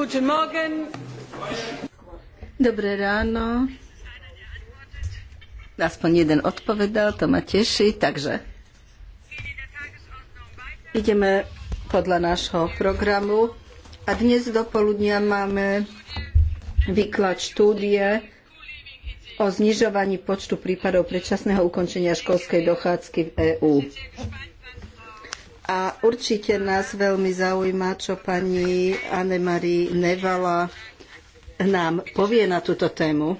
Guten Morgen. Dobré ráno. Aspoň jeden odpovedal, to ma teší, takže ideme podľa nášho programu. A dnes do poludnia máme výklad štúdie o znižovaní počtu prípadov predčasného ukončenia školskej dochádzky v EÚ. A určite nás veľmi zaujíma, čo pani Anne-Marie Nevala nám povie na túto tému.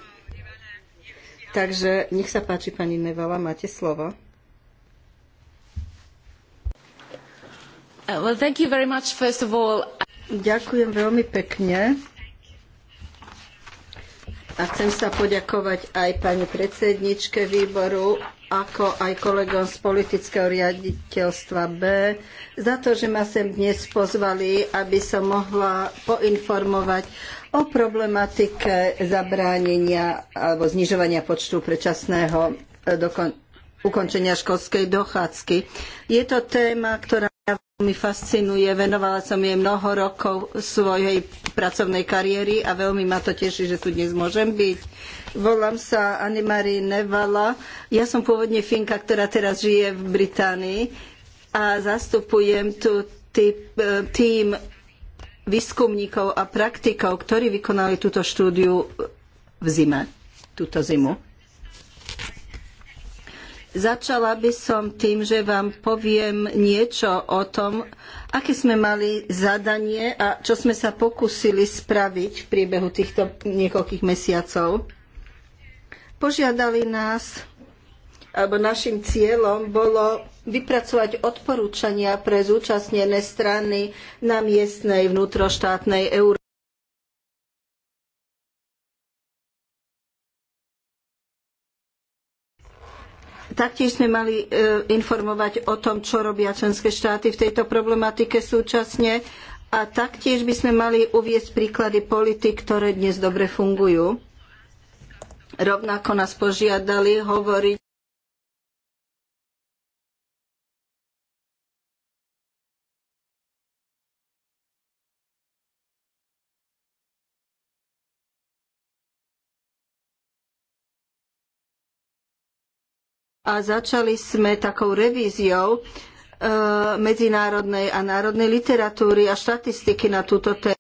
Takže nech sa páči, pani Nevala, máte slovo. Uh, well, much, Ďakujem veľmi pekne. A chcem sa poďakovať aj pani predsedničke výboru ako aj kolegom z politického riaditeľstva B, za to, že ma sem dnes pozvali, aby som mohla poinformovať o problematike zabránenia alebo znižovania počtu predčasného ukončenia školskej dochádzky. Je to téma, ktorá mi fascinuje, venovala som jej mnoho rokov svojej pracovnej kariéry a veľmi ma to teší, že tu dnes môžem byť. Volám sa Anne-Marie Nevala, ja som pôvodne Finka, ktorá teraz žije v Británii a zastupujem tu tým e, výskumníkov a praktikov, ktorí vykonali túto štúdiu v zime, túto zimu. Začala by som tým, že vám poviem niečo o tom, aké sme mali zadanie a čo sme sa pokúsili spraviť v priebehu týchto niekoľkých mesiacov. Požiadali nás, alebo našim cieľom bolo vypracovať odporúčania pre zúčastnené strany na miestnej vnútroštátnej Európe Taktiež sme mali e, informovať o tom, čo robia členské štáty v tejto problematike súčasne a taktiež by sme mali uviesť príklady politik, ktoré dnes dobre fungujú. Rovnako nás požiadali hovoriť a začali sme takou revíziou eh, medzinárodnej a národnej literatúry a štatistiky na túto tému.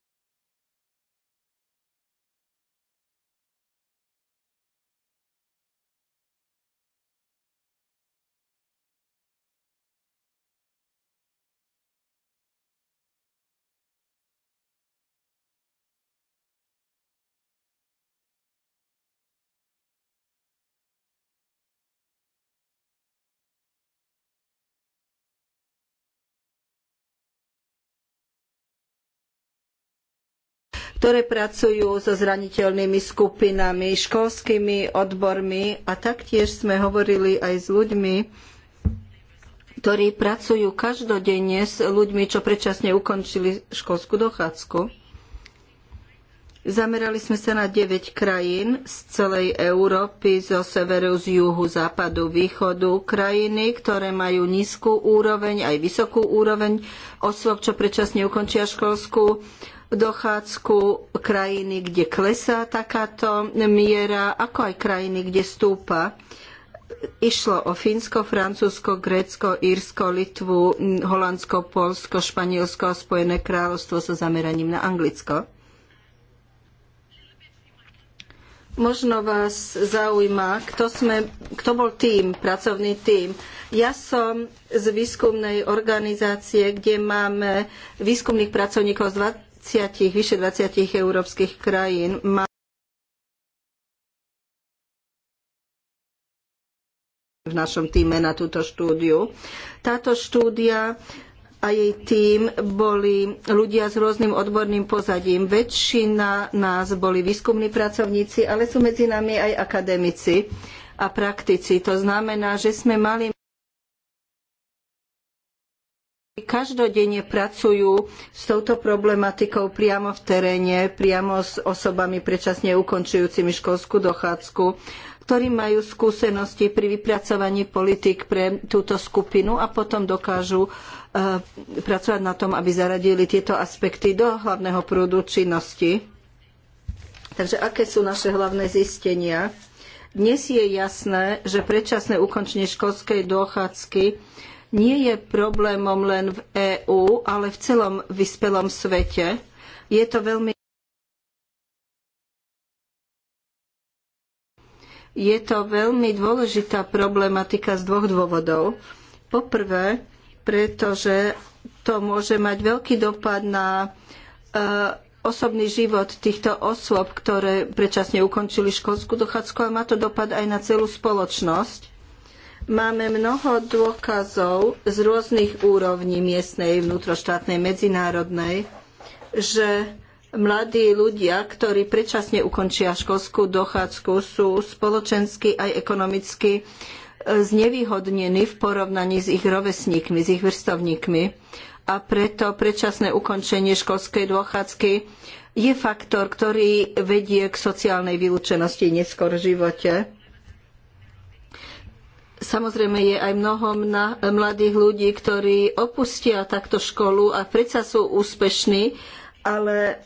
ktoré pracujú so zraniteľnými skupinami, školskými odbormi a taktiež sme hovorili aj s ľuďmi, ktorí pracujú každodenne s ľuďmi, čo predčasne ukončili školskú dochádzku. Zamerali sme sa na 9 krajín z celej Európy, zo severu, z juhu, západu, východu. Krajiny, ktoré majú nízku úroveň, aj vysokú úroveň osôb, čo predčasne ukončia školskú dochádzku, krajiny, kde klesá takáto miera, ako aj krajiny, kde stúpa. Išlo o Fínsko, Francúzsko, Grécko, Írsko, Litvu, Holandsko, Polsko, Španielsko a Spojené kráľovstvo so zameraním na Anglicko. Možno vás zaujíma, kto, sme, kto bol tým, pracovný tým. Ja som z výskumnej organizácie, kde máme výskumných pracovníkov z 20, vyše 20 európskych krajín má v našom týme na túto štúdiu. Táto štúdia a jej tím boli ľudia s rôznym odborným pozadím. Väčšina nás boli výskumní pracovníci, ale sú medzi nami aj akademici a praktici. To znamená, že sme mali každodenne pracujú s touto problematikou priamo v teréne, priamo s osobami predčasne ukončujúcimi školskú dochádzku, ktorí majú skúsenosti pri vypracovaní politik pre túto skupinu a potom dokážu eh, pracovať na tom, aby zaradili tieto aspekty do hlavného prúdu činnosti. Takže aké sú naše hlavné zistenia? Dnes je jasné, že predčasné ukončenie školskej dochádzky nie je problémom len v EÚ, ale v celom vyspelom svete. Je to veľmi Je to veľmi dôležitá problematika z dvoch dôvodov. Poprvé, pretože to môže mať veľký dopad na e, osobný život týchto osôb, ktoré predčasne ukončili školskú dochádzku a má to dopad aj na celú spoločnosť. Máme mnoho dôkazov z rôznych úrovní miestnej, vnútroštátnej, medzinárodnej, že mladí ľudia, ktorí predčasne ukončia školskú dochádzku, sú spoločensky aj ekonomicky e, znevýhodnení v porovnaní s ich rovesníkmi, s ich vrstovníkmi. A preto predčasné ukončenie školskej dochádzky je faktor, ktorý vedie k sociálnej vylúčenosti neskôr v živote Samozrejme je aj mnoho e, mladých ľudí, ktorí opustia takto školu a predsa sú úspešní, ale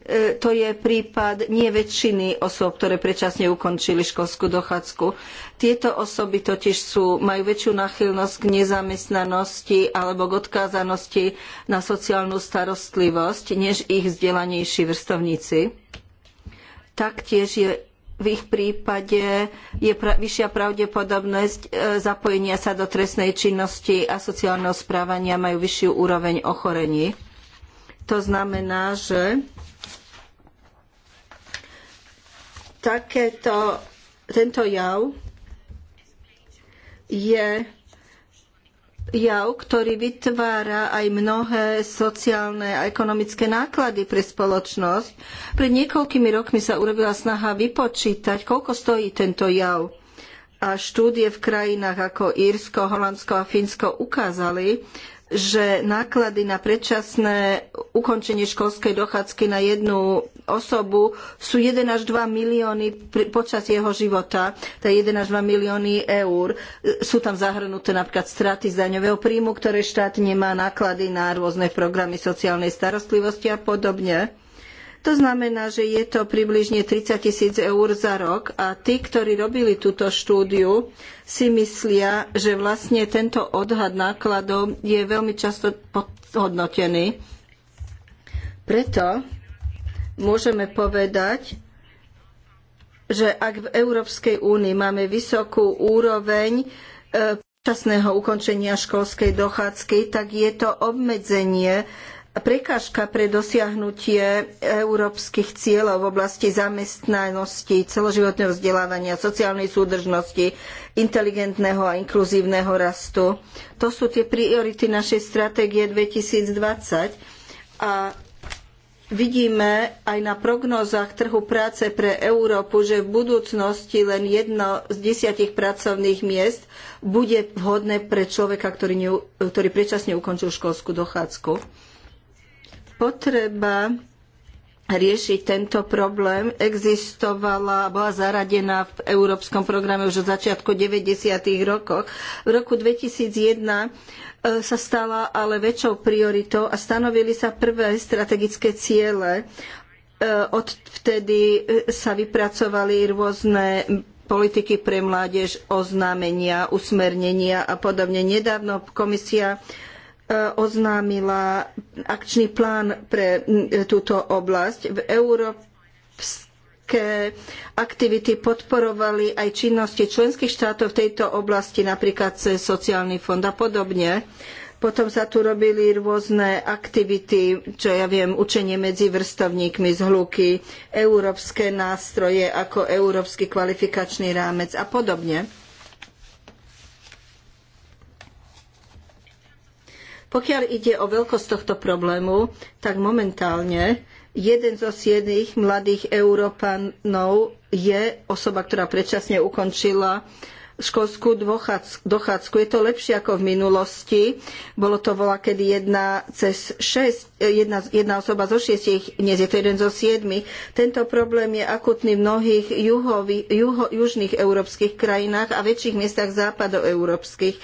e, to je prípad nie väčšiny osôb, ktoré predčasne ukončili školskú dochádzku. Tieto osoby totiž sú, majú väčšiu náchylnosť k nezamestnanosti alebo k odkázanosti na sociálnu starostlivosť, než ich vzdelanejší vrstovníci. Taktiež je v ich prípade je pra vyššia pravdepodobnosť e, zapojenia sa do trestnej činnosti a sociálneho správania majú vyššiu úroveň ochorení. To znamená, že takéto, tento jav je jav, ktorý vytvára aj mnohé sociálne a ekonomické náklady pre spoločnosť. Pred niekoľkými rokmi sa urobila snaha vypočítať, koľko stojí tento jav. A štúdie v krajinách ako Írsko, Holandsko a Fínsko ukázali, že náklady na predčasné ukončenie školskej dochádzky na jednu osobu sú 1 až 2 milióny počas jeho života, to je 1 až 2 milióny eur. Sú tam zahrnuté napríklad straty z daňového príjmu, ktoré štát nemá, náklady na rôzne programy sociálnej starostlivosti a podobne. To znamená, že je to približne 30 tisíc eur za rok a tí, ktorí robili túto štúdiu, si myslia, že vlastne tento odhad nákladov je veľmi často podhodnotený. Preto môžeme povedať, že ak v Európskej únii máme vysokú úroveň eh, časného ukončenia školskej dochádzky, tak je to obmedzenie prekážka pre dosiahnutie európskych cieľov v oblasti zamestnanosti, celoživotného vzdelávania, sociálnej súdržnosti, inteligentného a inkluzívneho rastu. To sú tie priority našej stratégie 2020 a vidíme aj na prognózach trhu práce pre Európu, že v budúcnosti len jedno z desiatich pracovných miest bude vhodné pre človeka, ktorý, ktorý predčasne ukončil školskú dochádzku potreba riešiť tento problém existovala a bola zaradená v Európskom programe už od začiatku 90. rokov. V roku 2001 e, sa stala ale väčšou prioritou a stanovili sa prvé strategické ciele. E, Odvtedy e, sa vypracovali rôzne politiky pre mládež, oznámenia, usmernenia a podobne. Nedávno komisia E, oznámila akčný plán pre e, túto oblasť. V európske aktivity podporovali aj činnosti členských štátov v tejto oblasti, napríklad cez sociálny fond a podobne. Potom sa tu robili rôzne aktivity, čo ja viem, učenie medzi vrstovníkmi, zhluky, európske nástroje ako Európsky kvalifikačný rámec a podobne. Pokiaľ ide o veľkosť tohto problému, tak momentálne jeden zo siedmých mladých Európanov je osoba, ktorá predčasne ukončila školskú dochádzku. Je to lepšie ako v minulosti. Bolo to bola kedy jedna cez šesť, jedna, jedna osoba zo šiestich, dnes je to jeden zo siedmich. Tento problém je akutný v mnohých juho, juho, južných európskych krajinách a väčších miestach západoeurópskych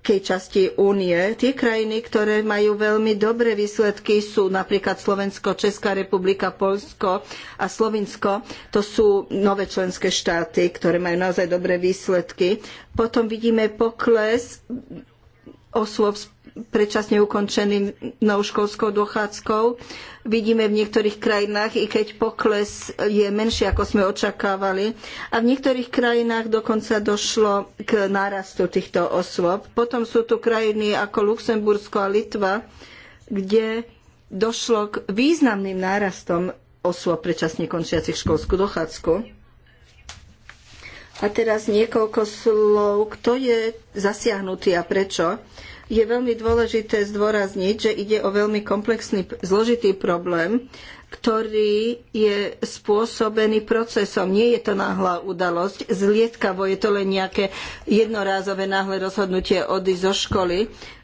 veľkej časti únie. Tie krajiny, ktoré majú veľmi dobré výsledky, sú napríklad Slovensko, Česká republika, Poľsko a Slovinsko. To sú nové členské štáty, ktoré majú naozaj dobré výsledky. Potom vidíme pokles osôb predčasne ukončenou školskou dochádzkou. Vidíme v niektorých krajinách, i keď pokles je menší, ako sme očakávali. A v niektorých krajinách dokonca došlo k nárastu týchto osôb. Potom sú tu krajiny ako Luxembursko a Litva, kde došlo k významným nárastom osôb predčasne končiacich školskú dochádzku. A teraz niekoľko slov, kto je zasiahnutý a prečo je veľmi dôležité zdôrazniť, že ide o veľmi komplexný, zložitý problém, ktorý je spôsobený procesom. Nie je to náhla udalosť, zliedkavo je to len nejaké jednorázové náhle rozhodnutie odísť zo školy.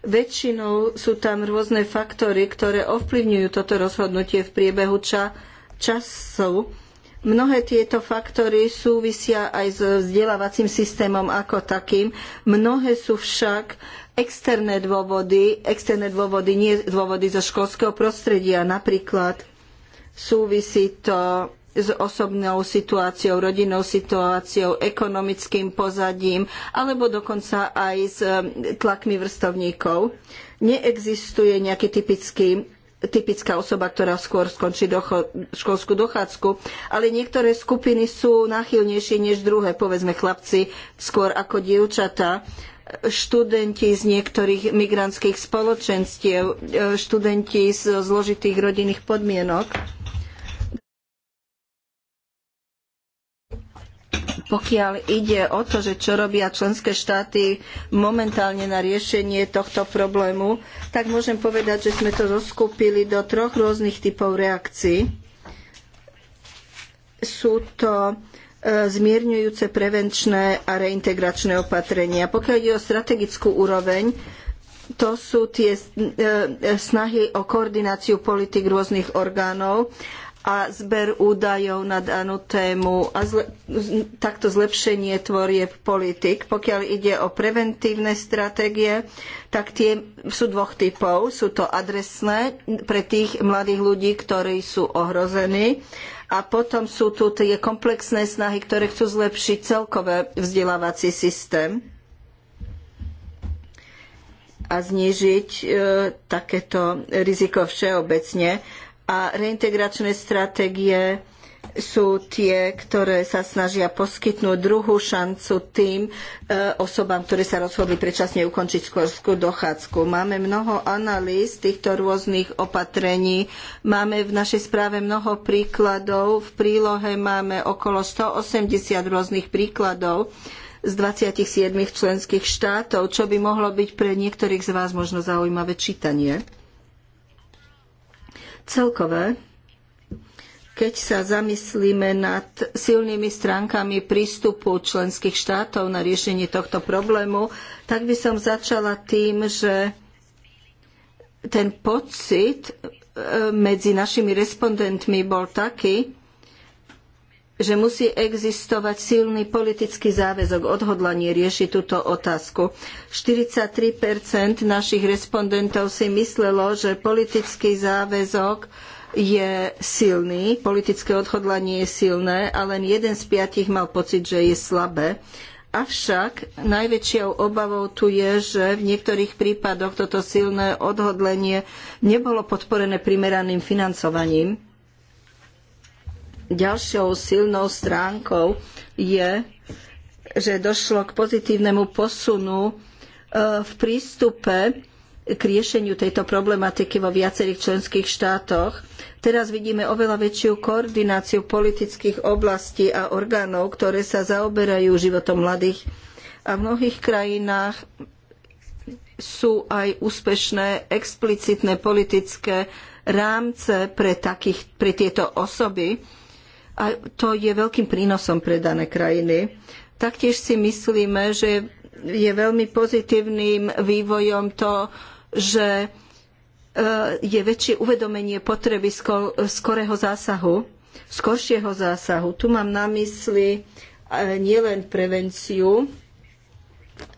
Väčšinou sú tam rôzne faktory, ktoré ovplyvňujú toto rozhodnutie v priebehu ča- času Mnohé tieto faktory súvisia aj s vzdelávacím systémom ako takým. Mnohé sú však externé dôvody, externé dôvody, nie dôvody zo školského prostredia. Napríklad súvisí to s osobnou situáciou, rodinnou situáciou, ekonomickým pozadím alebo dokonca aj s tlakmi vrstovníkov. Neexistuje nejaký typický typická osoba, ktorá skôr skončí docho- školskú dochádzku, ale niektoré skupiny sú náchylnejšie než druhé, povedzme chlapci skôr ako dievčatá študenti z niektorých migrantských spoločenstiev, študenti z zložitých rodinných podmienok. pokiaľ ide o to, že čo robia členské štáty momentálne na riešenie tohto problému, tak môžem povedať, že sme to zoskupili do troch rôznych typov reakcií. Sú to e, zmierňujúce prevenčné a reintegračné opatrenia. Pokiaľ ide o strategickú úroveň, to sú tie e, e, snahy o koordináciu politik rôznych orgánov a zber údajov na danú tému a zle, takto zlepšenie tvorieb politik. Pokiaľ ide o preventívne stratégie, tak tie sú dvoch typov. Sú to adresné pre tých mladých ľudí, ktorí sú ohrození a potom sú tu tie komplexné snahy, ktoré chcú zlepšiť celkové vzdelávací systém a znížiť e, takéto riziko všeobecne a reintegračné stratégie sú tie, ktoré sa snažia poskytnúť druhú šancu tým e, osobám, ktoré sa rozhodli predčasne ukončiť školskú dochádzku. Máme mnoho analýz týchto rôznych opatrení. Máme v našej správe mnoho príkladov. V prílohe máme okolo 180 rôznych príkladov z 27 členských štátov, čo by mohlo byť pre niektorých z vás možno zaujímavé čítanie. Celkové, keď sa zamyslíme nad silnými stránkami prístupu členských štátov na riešenie tohto problému, tak by som začala tým, že ten pocit e, medzi našimi respondentmi bol taký, že musí existovať silný politický záväzok odhodlanie riešiť túto otázku. 43 našich respondentov si myslelo, že politický záväzok je silný, politické odhodlanie je silné a len jeden z piatich mal pocit, že je slabé. Avšak najväčšou obavou tu je, že v niektorých prípadoch toto silné odhodlenie nebolo podporené primeraným financovaním. Ďalšou silnou stránkou je, že došlo k pozitívnemu posunu e, v prístupe k riešeniu tejto problematiky vo viacerých členských štátoch. Teraz vidíme oveľa väčšiu koordináciu politických oblastí a orgánov, ktoré sa zaoberajú životom mladých. A v mnohých krajinách sú aj úspešné explicitné politické rámce pre, takých, pre tieto osoby a to je veľkým prínosom pre dané krajiny. Taktiež si myslíme, že je veľmi pozitívnym vývojom to, že e, je väčšie uvedomenie potreby skorého zásahu, skoršieho zásahu. Tu mám na mysli e, nielen prevenciu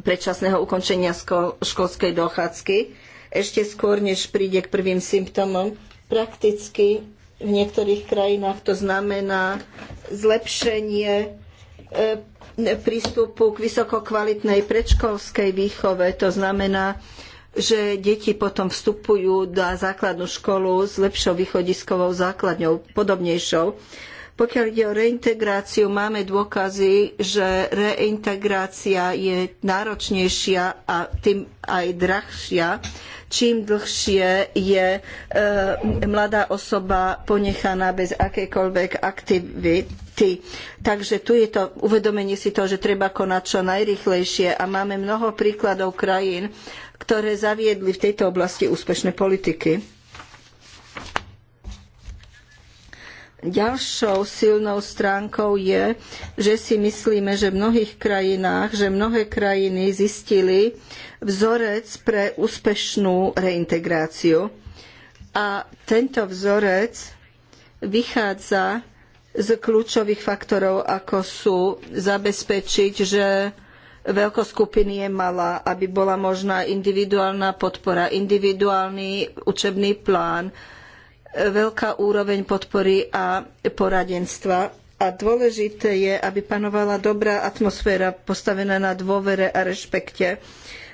predčasného ukončenia školskej dochádzky, ešte skôr, než príde k prvým symptómom, prakticky v niektorých krajinách to znamená zlepšenie e, prístupu k vysokokvalitnej predškolskej výchove. To znamená, že deti potom vstupujú na základnú školu s lepšou východiskovou základňou, podobnejšou. Pokiaľ ide o reintegráciu, máme dôkazy, že reintegrácia je náročnejšia a tým aj drahšia čím dlhšie je eh, mladá osoba ponechaná bez akejkoľvek aktivity. Takže tu je to uvedomenie si toho, že treba konať čo najrychlejšie a máme mnoho príkladov krajín, ktoré zaviedli v tejto oblasti úspešné politiky. Ďalšou silnou stránkou je, že si myslíme, že v mnohých krajinách, že mnohé krajiny zistili vzorec pre úspešnú reintegráciu. A tento vzorec vychádza z kľúčových faktorov, ako sú zabezpečiť, že veľkosť skupiny je malá, aby bola možná individuálna podpora, individuálny učebný plán, veľká úroveň podpory a poradenstva. A dôležité je, aby panovala dobrá atmosféra postavená na dôvere a rešpekte,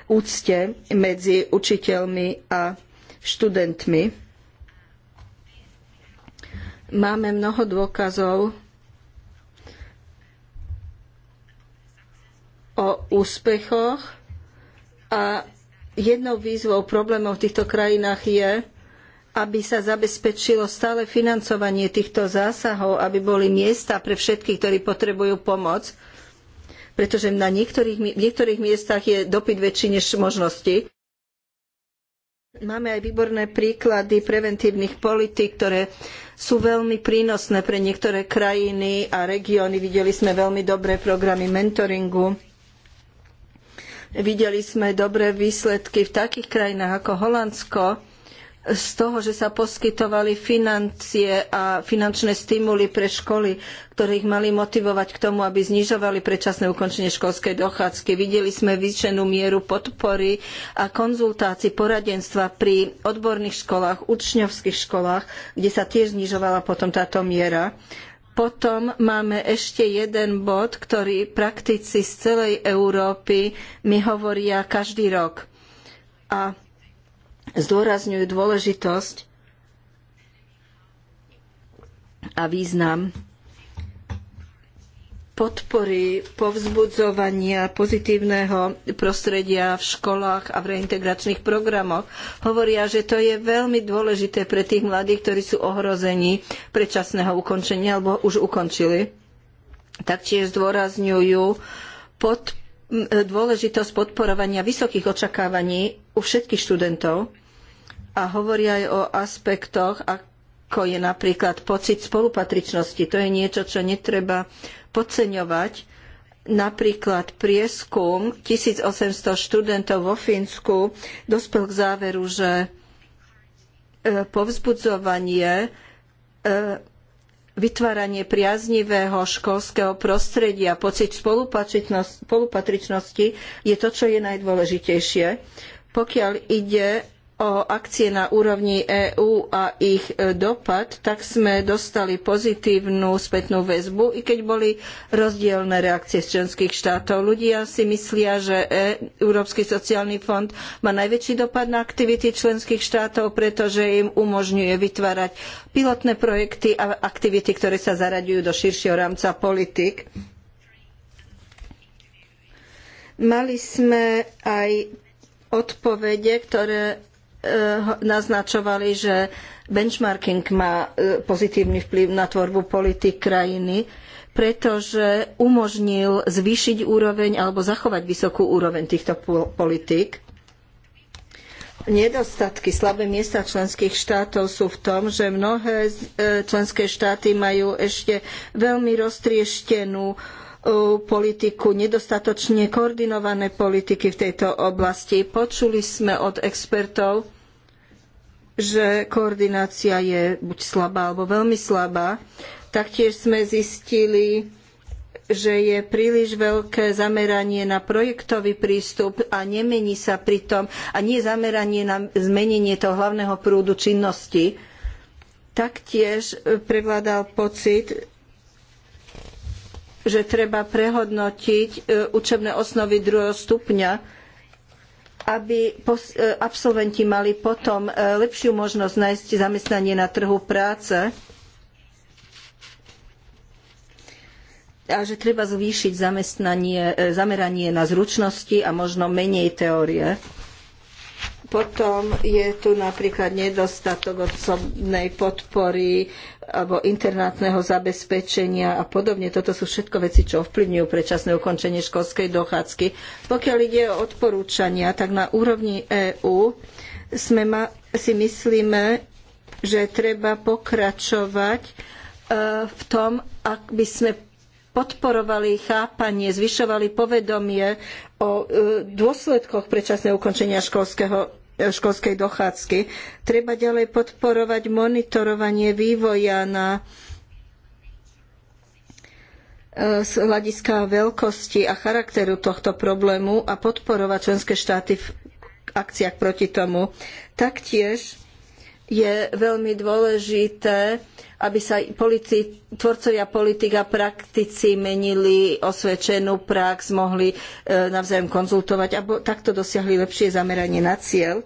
úcte medzi učiteľmi a študentmi. Máme mnoho dôkazov o úspechoch a jednou výzvou problémov v týchto krajinách je, aby sa zabezpečilo stále financovanie týchto zásahov, aby boli miesta pre všetkých, ktorí potrebujú pomoc, pretože na niektorých, v niektorých miestach je dopyt väčší než možnosti. Máme aj výborné príklady preventívnych politík, ktoré sú veľmi prínosné pre niektoré krajiny a regióny. Videli sme veľmi dobré programy mentoringu. Videli sme dobré výsledky v takých krajinách ako Holandsko, z toho, že sa poskytovali financie a finančné stimuly pre školy, ktoré ich mali motivovať k tomu, aby znižovali predčasné ukončenie školskej dochádzky. Videli sme vyčenú mieru podpory a konzultácií poradenstva pri odborných školách, učňovských školách, kde sa tiež znižovala potom táto miera. Potom máme ešte jeden bod, ktorý praktici z celej Európy mi hovoria každý rok. A zdôrazňujú dôležitosť a význam podpory povzbudzovania pozitívneho prostredia v školách a v reintegračných programoch. Hovoria, že to je veľmi dôležité pre tých mladých, ktorí sú ohrození predčasného ukončenia alebo už ukončili. Taktiež zdôrazňujú podporu E, dôležitosť podporovania vysokých očakávaní u všetkých študentov a hovoria aj o aspektoch, ako je napríklad pocit spolupatričnosti. To je niečo, čo netreba podceňovať. Napríklad prieskum 1800 študentov vo Fínsku dospel k záveru, že e, povzbudzovanie e, vytváranie priaznivého školského prostredia, pocit spolupatričnosti je to, čo je najdôležitejšie. Pokiaľ ide o akcie na úrovni EÚ a ich e, dopad, tak sme dostali pozitívnu spätnú väzbu, i keď boli rozdielne reakcie z členských štátov. Ľudia si myslia, že e, Európsky sociálny fond má najväčší dopad na aktivity členských štátov, pretože im umožňuje vytvárať pilotné projekty a aktivity, ktoré sa zaraďujú do širšieho rámca politik. Mali sme aj odpovede, ktoré Eh, naznačovali, že benchmarking má eh, pozitívny vplyv na tvorbu politik krajiny, pretože umožnil zvýšiť úroveň alebo zachovať vysokú úroveň týchto politík. Nedostatky, slabé miesta členských štátov sú v tom, že mnohé eh, členské štáty majú ešte veľmi roztrieštenú politiku, nedostatočne koordinované politiky v tejto oblasti. Počuli sme od expertov, že koordinácia je buď slabá alebo veľmi slabá. Taktiež sme zistili, že je príliš veľké zameranie na projektový prístup a nemení sa pritom a nie zameranie na zmenenie toho hlavného prúdu činnosti. Taktiež e, prevládal pocit, že treba prehodnotiť e, učebné osnovy druhého stupňa, aby e, absolventi mali potom e, lepšiu možnosť nájsť zamestnanie na trhu práce a že treba zvýšiť e, zameranie na zručnosti a možno menej teórie. Potom je tu napríklad nedostatok osobnej podpory alebo internátneho zabezpečenia a podobne. Toto sú všetko veci, čo ovplyvňujú predčasné ukončenie školskej dochádzky. Pokiaľ ide o odporúčania, tak na úrovni EÚ si myslíme, že treba pokračovať e, v tom, ak by sme podporovali chápanie, zvyšovali povedomie o e, dôsledkoch predčasného ukončenia školského E, školskej dochádzky. Treba ďalej podporovať monitorovanie vývoja na e, z hľadiska veľkosti a charakteru tohto problému a podporovať členské štáty v akciách proti tomu. Taktiež je veľmi dôležité, aby sa politi- tvorcovia politik a praktici menili osvedčenú prax, mohli e, navzájom konzultovať a takto dosiahli lepšie zameranie na cieľ.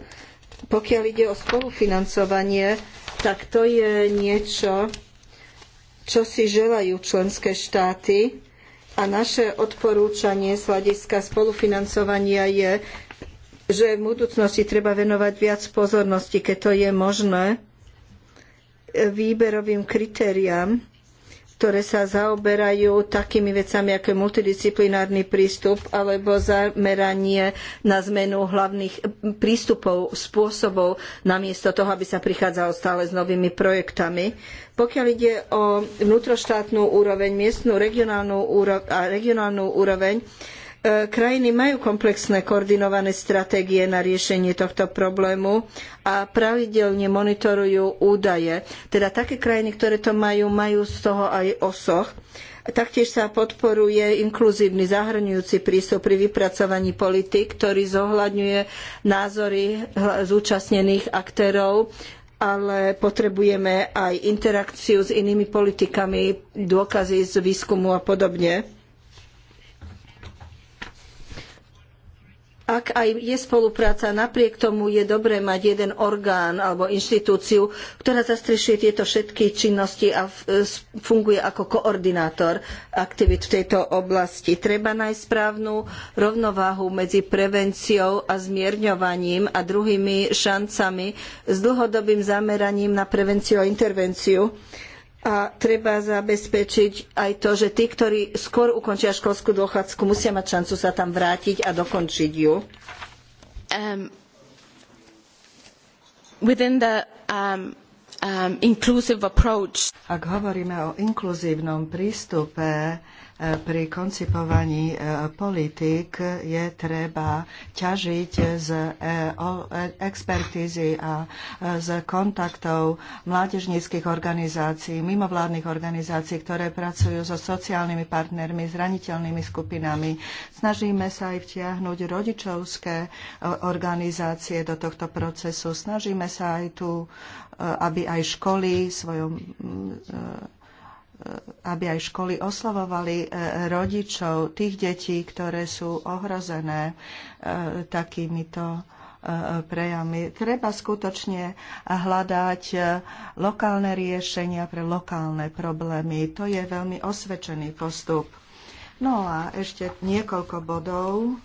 Pokiaľ ide o spolufinancovanie, tak to je niečo, čo si želajú členské štáty a naše odporúčanie z hľadiska spolufinancovania je že v budúcnosti treba venovať viac pozornosti, keď to je možné, výberovým kritériám, ktoré sa zaoberajú takými vecami, ako je multidisciplinárny prístup alebo zameranie na zmenu hlavných prístupov, spôsobov, namiesto toho, aby sa prichádzalo stále s novými projektami. Pokiaľ ide o vnútroštátnu úroveň, miestnu regionálnu úroveň a regionálnu úroveň, E, krajiny majú komplexné koordinované stratégie na riešenie tohto problému a pravidelne monitorujú údaje. Teda také krajiny, ktoré to majú, majú z toho aj osoch. Taktiež sa podporuje inkluzívny zahrňujúci prístup pri vypracovaní politik, ktorý zohľadňuje názory zúčastnených aktérov ale potrebujeme aj interakciu s inými politikami, dôkazy z výskumu a podobne. ak aj je spolupráca, napriek tomu je dobré mať jeden orgán alebo inštitúciu, ktorá zastrešuje tieto všetky činnosti a e, funguje ako koordinátor aktivít v tejto oblasti. Treba nájsť správnu rovnováhu medzi prevenciou a zmierňovaním a druhými šancami s dlhodobým zameraním na prevenciu a intervenciu a treba zabezpečiť aj to, že tí, ktorí skôr ukončia školskú dochádzku, musia mať šancu sa tam vrátiť a dokončiť ju. Um, the, um, um, Ak hovoríme o inkluzívnom prístupe, pri koncipovaní e, politík je treba ťažiť z e, e, expertízy a z kontaktov mládežníckých organizácií, mimovládnych organizácií, ktoré pracujú so sociálnymi partnermi, zraniteľnými skupinami. Snažíme sa aj vtiahnuť rodičovské organizácie do tohto procesu. Snažíme sa aj tu, aby aj školy svojom aby aj školy oslovovali e, rodičov tých detí, ktoré sú ohrozené e, takýmito e, prejavmi. Treba skutočne hľadať lokálne riešenia pre lokálne problémy. To je veľmi osvedčený postup. No a ešte niekoľko bodov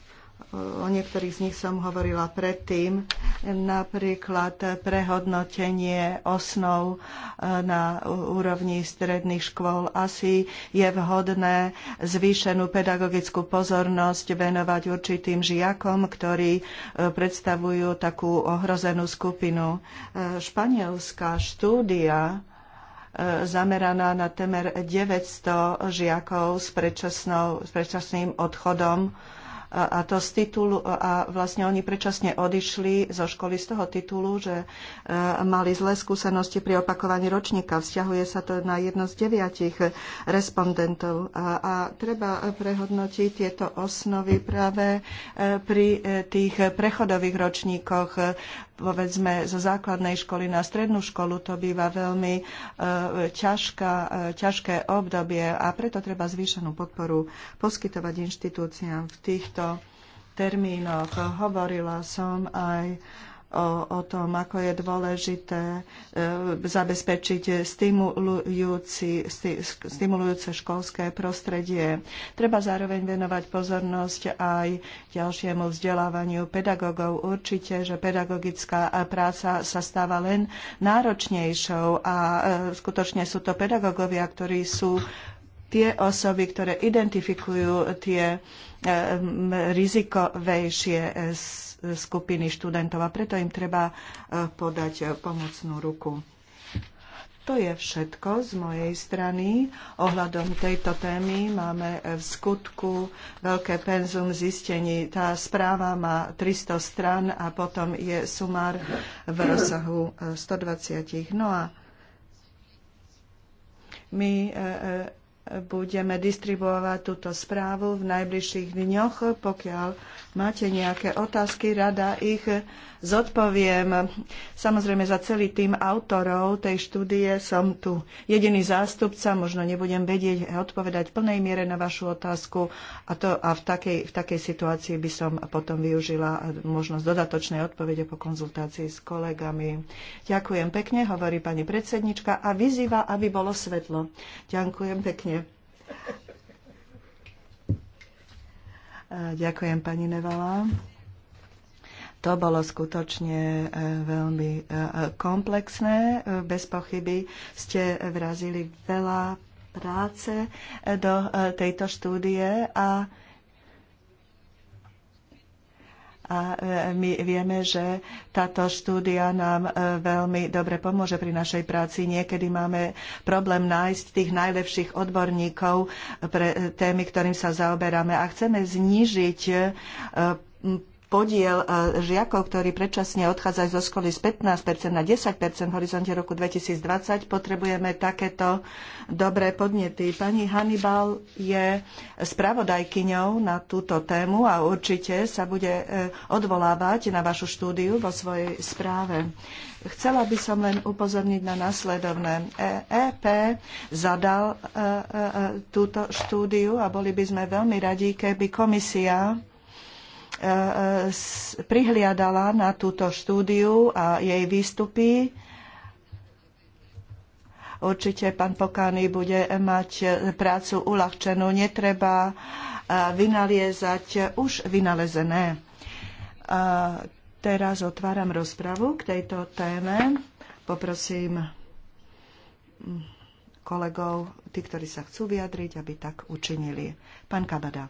o niektorých z nich som hovorila predtým, napríklad prehodnotenie osnov e, na úrovni stredných škôl. Asi je vhodné zvýšenú pedagogickú pozornosť venovať určitým žiakom, ktorí e, predstavujú takú ohrozenú skupinu. E, španielská štúdia zameraná na temer 900 žiakov s, s predčasným odchodom a, a to z titulu, a vlastne oni predčasne odišli zo školy z toho titulu, že e, mali zlé skúsenosti pri opakovaní ročníka. Vzťahuje sa to na jedno z deviatich respondentov a, a treba prehodnotiť tieto osnovy práve e, pri e, tých prechodových ročníkoch povedzme zo základnej školy na strednú školu, to býva veľmi e, ťažká, e, ťažké obdobie a preto treba zvýšenú podporu poskytovať inštitúciám v týchto termínoch. Hovorila som aj o, o tom, ako je dôležité e, zabezpečiť stimulujúci, stimulujúce školské prostredie. Treba zároveň venovať pozornosť aj ďalšiemu vzdelávaniu pedagógov. Určite, že pedagogická práca sa stáva len náročnejšou a e, skutočne sú to pedagógovia, ktorí sú tie osoby, ktoré identifikujú tie e, rizikovejšie skupiny študentov a preto im treba e, podať pomocnú ruku. To je všetko z mojej strany. Ohľadom tejto témy máme v skutku veľké penzum zistení. Tá správa má 300 stran a potom je sumár v rozsahu 120. E, no a my budeme distribuovať túto správu v najbližších dňoch. Pokiaľ máte nejaké otázky, rada ich zodpoviem. Samozrejme za celý tým autorov tej štúdie som tu jediný zástupca, možno nebudem vedieť odpovedať v plnej miere na vašu otázku a, to, a v, takej, v takej situácii by som potom využila možnosť dodatočnej odpovede po konzultácii s kolegami. Ďakujem pekne, hovorí pani predsednička a vyzýva, aby bolo svetlo. Ďakujem pekne. Ďakujem, pani Nevala. To bolo skutočne e, veľmi e, e, komplexné. Bez pochyby ste vrazili veľa práce do tejto štúdie a a e, my vieme, že táto štúdia nám e, veľmi dobre pomôže pri našej práci. Niekedy máme problém nájsť tých najlepších odborníkov pre e, témy, ktorým sa zaoberáme a chceme znížiť podiel e, žiakov, ktorí predčasne odchádzajú zo školy z 15% na 10% v horizonte roku 2020, potrebujeme takéto dobré podnety. Pani Hannibal je spravodajkyňou na túto tému a určite sa bude e, odvolávať na vašu štúdiu vo svojej správe. Chcela by som len upozorniť na nasledovné. EP e zadal túto štúdiu a boli by sme veľmi radi, keby komisia E, prihliadala na túto štúdiu a jej výstupy. Určite pán Pokány bude mať prácu uľahčenú. Netreba e, vynaliezať už vynalezené. A e, teraz otváram rozpravu k tejto téme. Poprosím kolegov, tí, ktorí sa chcú vyjadriť, aby tak učinili. Pán Kabada.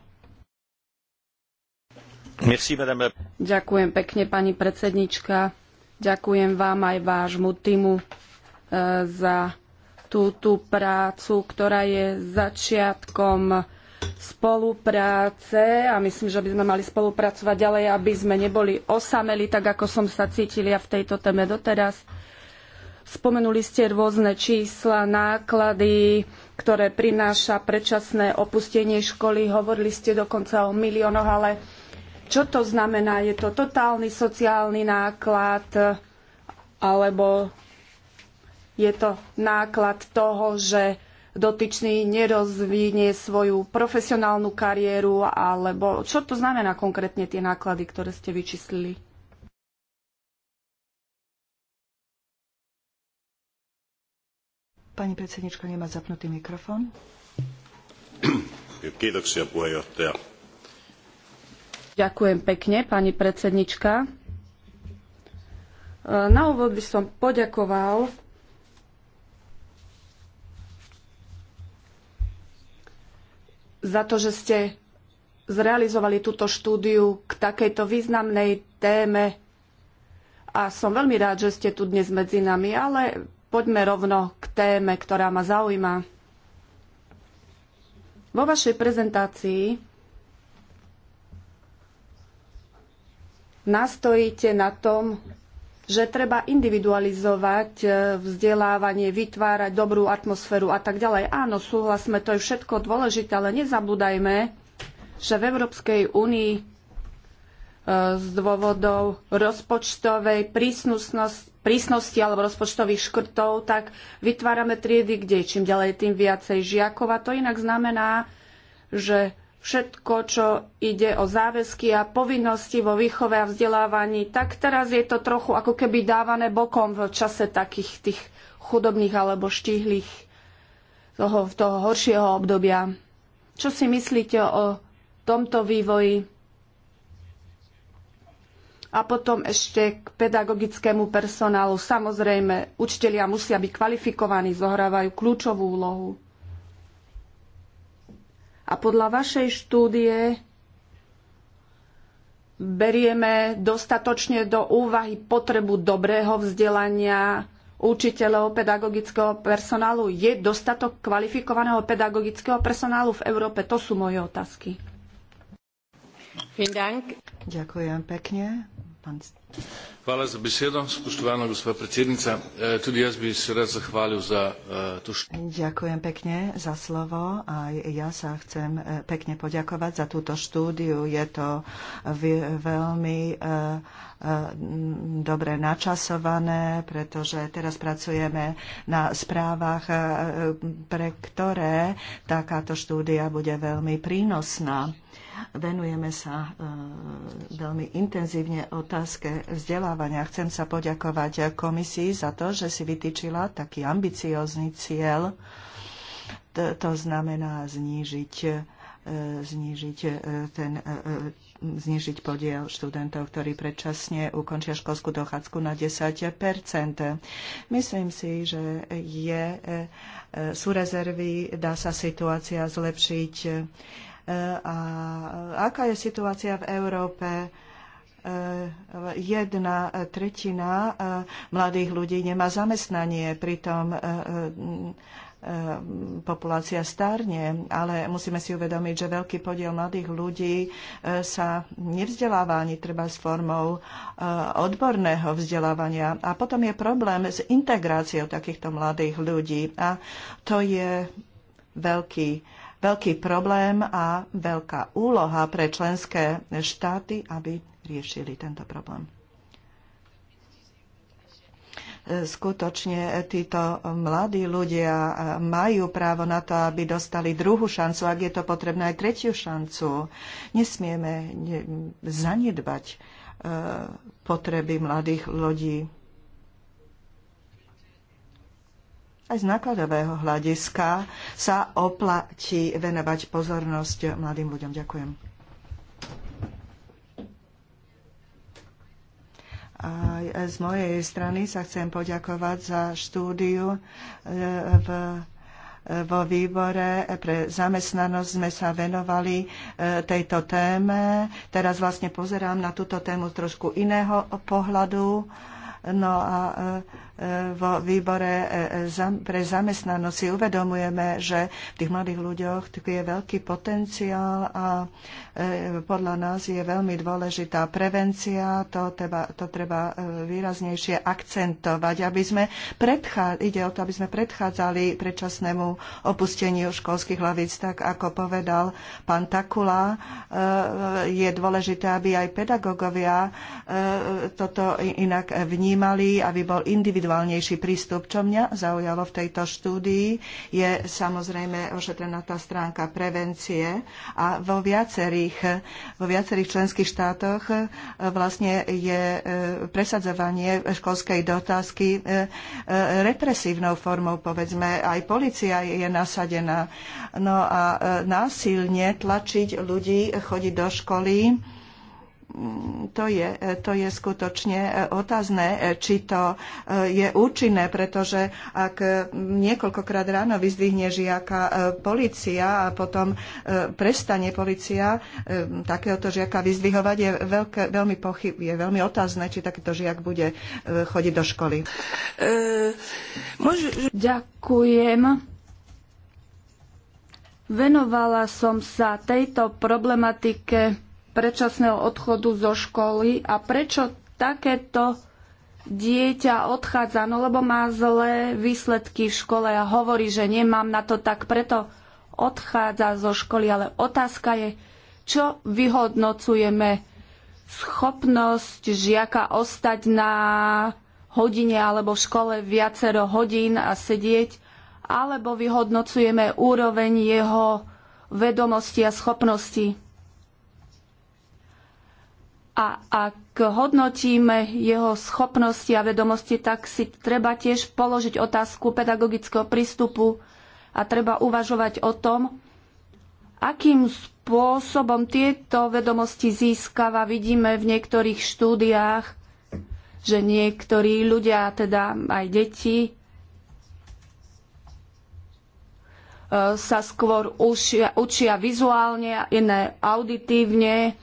Ďakujem pekne, pani predsednička. Ďakujem vám aj vášmu týmu e, za túto prácu, ktorá je začiatkom spolupráce a myslím, že by sme mali spolupracovať ďalej, aby sme neboli osameli, tak ako som sa cítili ja v tejto téme doteraz. Spomenuli ste rôzne čísla, náklady, ktoré prináša predčasné opustenie školy. Hovorili ste dokonca o miliónoch, ale čo to znamená? Je to totálny sociálny náklad alebo je to náklad toho, že dotyčný nerozvinie svoju profesionálnu kariéru, alebo čo to znamená konkrétne tie náklady, ktoré ste vyčíslili? Pani predsednička nemá zapnutý mikrofón. Kiitoksia puheenjohtaja. Ďakujem pekne, pani predsednička. Na úvod by som poďakoval za to, že ste zrealizovali túto štúdiu k takejto významnej téme. A som veľmi rád, že ste tu dnes medzi nami, ale poďme rovno k téme, ktorá ma zaujíma. Vo vašej prezentácii nastojíte na tom, že treba individualizovať e, vzdelávanie, vytvárať dobrú atmosféru a tak ďalej. Áno, súhlasme, to je všetko dôležité, ale nezabúdajme, že v Európskej únii e, z dôvodov rozpočtovej prísnosti alebo rozpočtových škrtov, tak vytvárame triedy, kde čím ďalej tým viacej žiakov. A to inak znamená, že všetko, čo ide o záväzky a povinnosti vo výchove a vzdelávaní, tak teraz je to trochu ako keby dávané bokom v čase takých tých chudobných alebo štíhlých toho, toho horšieho obdobia. Čo si myslíte o tomto vývoji? A potom ešte k pedagogickému personálu. Samozrejme, učitelia musia byť kvalifikovaní, zohrávajú kľúčovú úlohu. A podľa vašej štúdie berieme dostatočne do úvahy potrebu dobrého vzdelania učiteľov, pedagogického personálu. Je dostatok kvalifikovaného pedagogického personálu v Európe? To sú moje otázky. Ďakujem pekne. Hvala za besedo, spoštovana gospa predsednica. E, tudi jaz bi se rad zahvalil za e, to štúdiu. Ďakujem pekne za slovo. Aj ja sa chcem e, pekne poďakovať za túto štúdiu. Je to veľmi dobre načasované, pretože teraz pracujeme na správach, pre ktoré takáto štúdia bude veľmi prínosná. Venujeme sa e, veľmi intenzívne otázke vzdelávania. Chcem sa poďakovať komisii za to, že si vytýčila taký ambiciózny cieľ. To znamená znížiť, e, znížiť e, ten znížiť podiel študentov, ktorí predčasne ukončia školskú dochádzku na 10 Myslím si, že je, sú rezervy, dá sa situácia zlepšiť a aká je situácia v Európe. E, jedna tretina e, mladých ľudí nemá zamestnanie, pritom e, populácia starne, ale musíme si uvedomiť, že veľký podiel mladých ľudí sa nevzdeláva ani treba s formou odborného vzdelávania. A potom je problém s integráciou takýchto mladých ľudí. A to je veľký veľký problém a veľká úloha pre členské štáty, aby riešili tento problém skutočne títo mladí ľudia majú právo na to, aby dostali druhú šancu, ak je to potrebné aj tretiu šancu. Nesmieme zanedbať eh, potreby mladých ľudí aj z nákladového hľadiska sa oplatí venovať pozornosť mladým ľuďom. Ďakujem. Aj z mojej strany sa chcem poďakovať za štúdiu e, v e, vo výbore pre zamestnanosť sme sa venovali e, tejto téme. Teraz vlastne pozerám na túto tému z trošku iného pohľadu. No a vo výbore e, e, pre zamestnanosť si uvedomujeme, že v tých mladých ľuďoch je veľký potenciál a e, podľa nás je veľmi dôležitá prevencia. To treba, to treba výraznejšie akcentovať, aby sme predchá, ide o to, aby sme predchádzali predčasnému opusteniu školských hlavíc, tak ako povedal pán Takula. Je dôležité, aby aj pedagógovia toto inak vnímali, aby bol individuálny individuálnejší prístup. Čo mňa zaujalo v tejto štúdii je samozrejme ošetrená tá stránka prevencie a vo viacerých, vo viacerých členských štátoch e, vlastne je e, presadzovanie školskej dotázky e, represívnou formou, povedzme. Aj policia je nasadená. No a násilne tlačiť ľudí chodiť do školy, to je, to je skutočne otázne, či to eh, je účinné, pretože ak eh, niekoľkokrát ráno vyzdvihne žiaka eh, policia a potom prestane policia takéhoto žiaka vyzdvihovať, je, veľké, veľmi pochyb, je veľmi otázne, či takýto žiak bude chodiť do školy. Ďakujem. Venovala som sa tejto problematike predčasného odchodu zo školy a prečo takéto dieťa odchádza, no lebo má zlé výsledky v škole a hovorí, že nemám na to, tak preto odchádza zo školy. Ale otázka je, čo vyhodnocujeme? Schopnosť žiaka ostať na hodine alebo v škole viacero hodín a sedieť, alebo vyhodnocujeme úroveň jeho vedomosti a schopnosti. A ak hodnotíme jeho schopnosti a vedomosti, tak si treba tiež položiť otázku pedagogického prístupu a treba uvažovať o tom, akým spôsobom tieto vedomosti získava. Vidíme v niektorých štúdiách, že niektorí ľudia, teda aj deti, e, sa skôr učia, učia vizuálne, iné auditívne,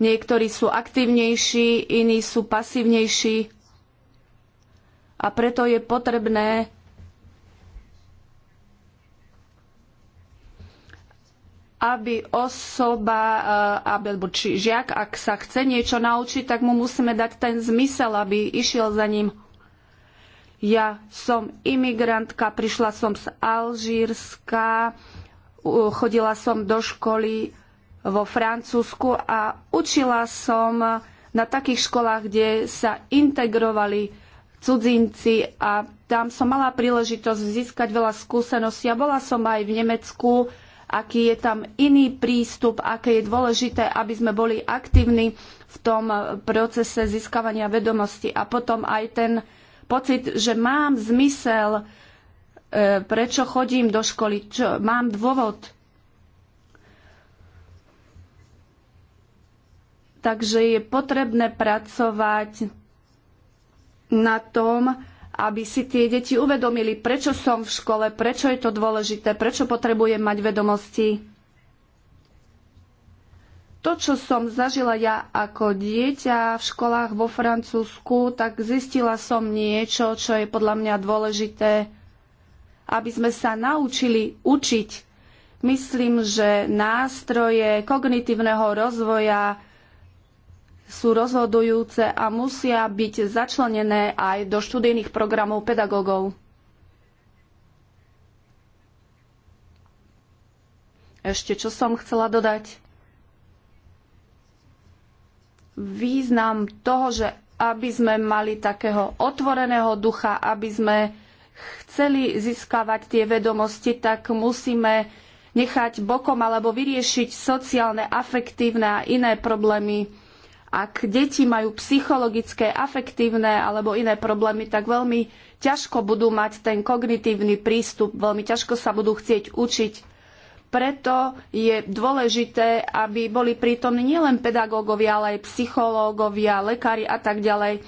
Niektorí sú aktívnejší, iní sú pasívnejší. A preto je potrebné aby osoba, eh, alebo či žiak, ak sa chce niečo naučiť, tak mu musíme dať ten zmysel, aby išiel za ním. Ja som imigrantka, prišla som z Alžírska, chodila som do školy vo Francúzsku a učila som na takých školách, kde sa integrovali cudzinci a tam som mala príležitosť získať veľa skúseností a bola som aj v Nemecku, aký je tam iný prístup, aké je dôležité, aby sme boli aktívni v tom procese získavania vedomosti a potom aj ten pocit, že mám zmysel, e, prečo chodím do školy, čo, mám dôvod Takže je potrebné pracovať na tom, aby si tie deti uvedomili, prečo som v škole, prečo je to dôležité, prečo potrebujem mať vedomosti. To, čo som zažila ja ako dieťa v školách vo Francúzsku, tak zistila som niečo, čo je podľa mňa dôležité, aby sme sa naučili učiť. Myslím, že nástroje kognitívneho rozvoja, sú rozhodujúce a musia byť začlenené aj do študijných programov pedagógov. Ešte čo som chcela dodať? Význam toho, že aby sme mali takého otvoreného ducha, aby sme chceli získavať tie vedomosti, tak musíme nechať bokom alebo vyriešiť sociálne, afektívne a iné problémy ak deti majú psychologické, afektívne alebo iné problémy, tak veľmi ťažko budú mať ten kognitívny prístup, veľmi ťažko sa budú chcieť učiť. Preto je dôležité, aby boli prítomní nielen pedagógovia, ale aj psychológovia, lekári a tak ďalej,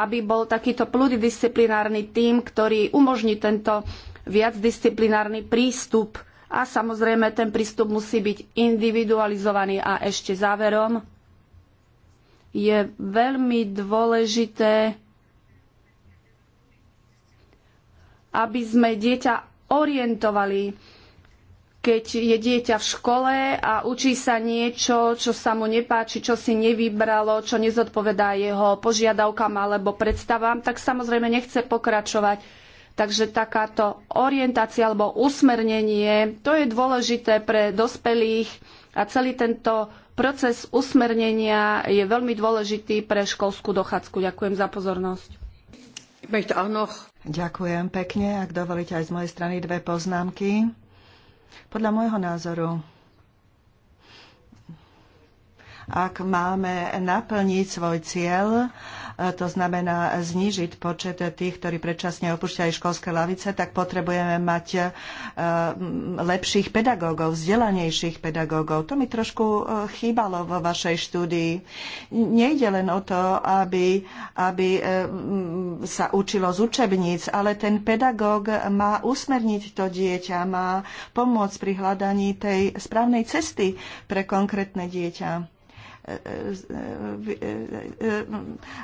aby bol takýto pluridisciplinárny tím, ktorý umožní tento viacdisciplinárny prístup. A samozrejme, ten prístup musí byť individualizovaný. A ešte záverom, je veľmi dôležité, aby sme dieťa orientovali. Keď je dieťa v škole a učí sa niečo, čo sa mu nepáči, čo si nevybralo, čo nezodpovedá jeho požiadavkám alebo predstavám, tak samozrejme nechce pokračovať. Takže takáto orientácia alebo usmernenie, to je dôležité pre dospelých a celý tento Proces usmernenia je veľmi dôležitý pre školskú dochádzku. Ďakujem za pozornosť. Ďakujem pekne. Ak dovolíte aj z mojej strany dve poznámky. Podľa môjho názoru ak máme naplniť svoj cieľ, E, to znamená znížiť počet tých, ktorí predčasne opúšťajú školské lavice, tak potrebujeme mať e, lepších pedagógov, vzdelanejších pedagógov. To mi trošku e, chýbalo vo vašej štúdii. Nejde len o to, aby, aby sa učilo z učebníc, ale ten pedagóg má usmerniť to dieťa, má pomôcť pri hľadaní tej správnej cesty pre konkrétne dieťa.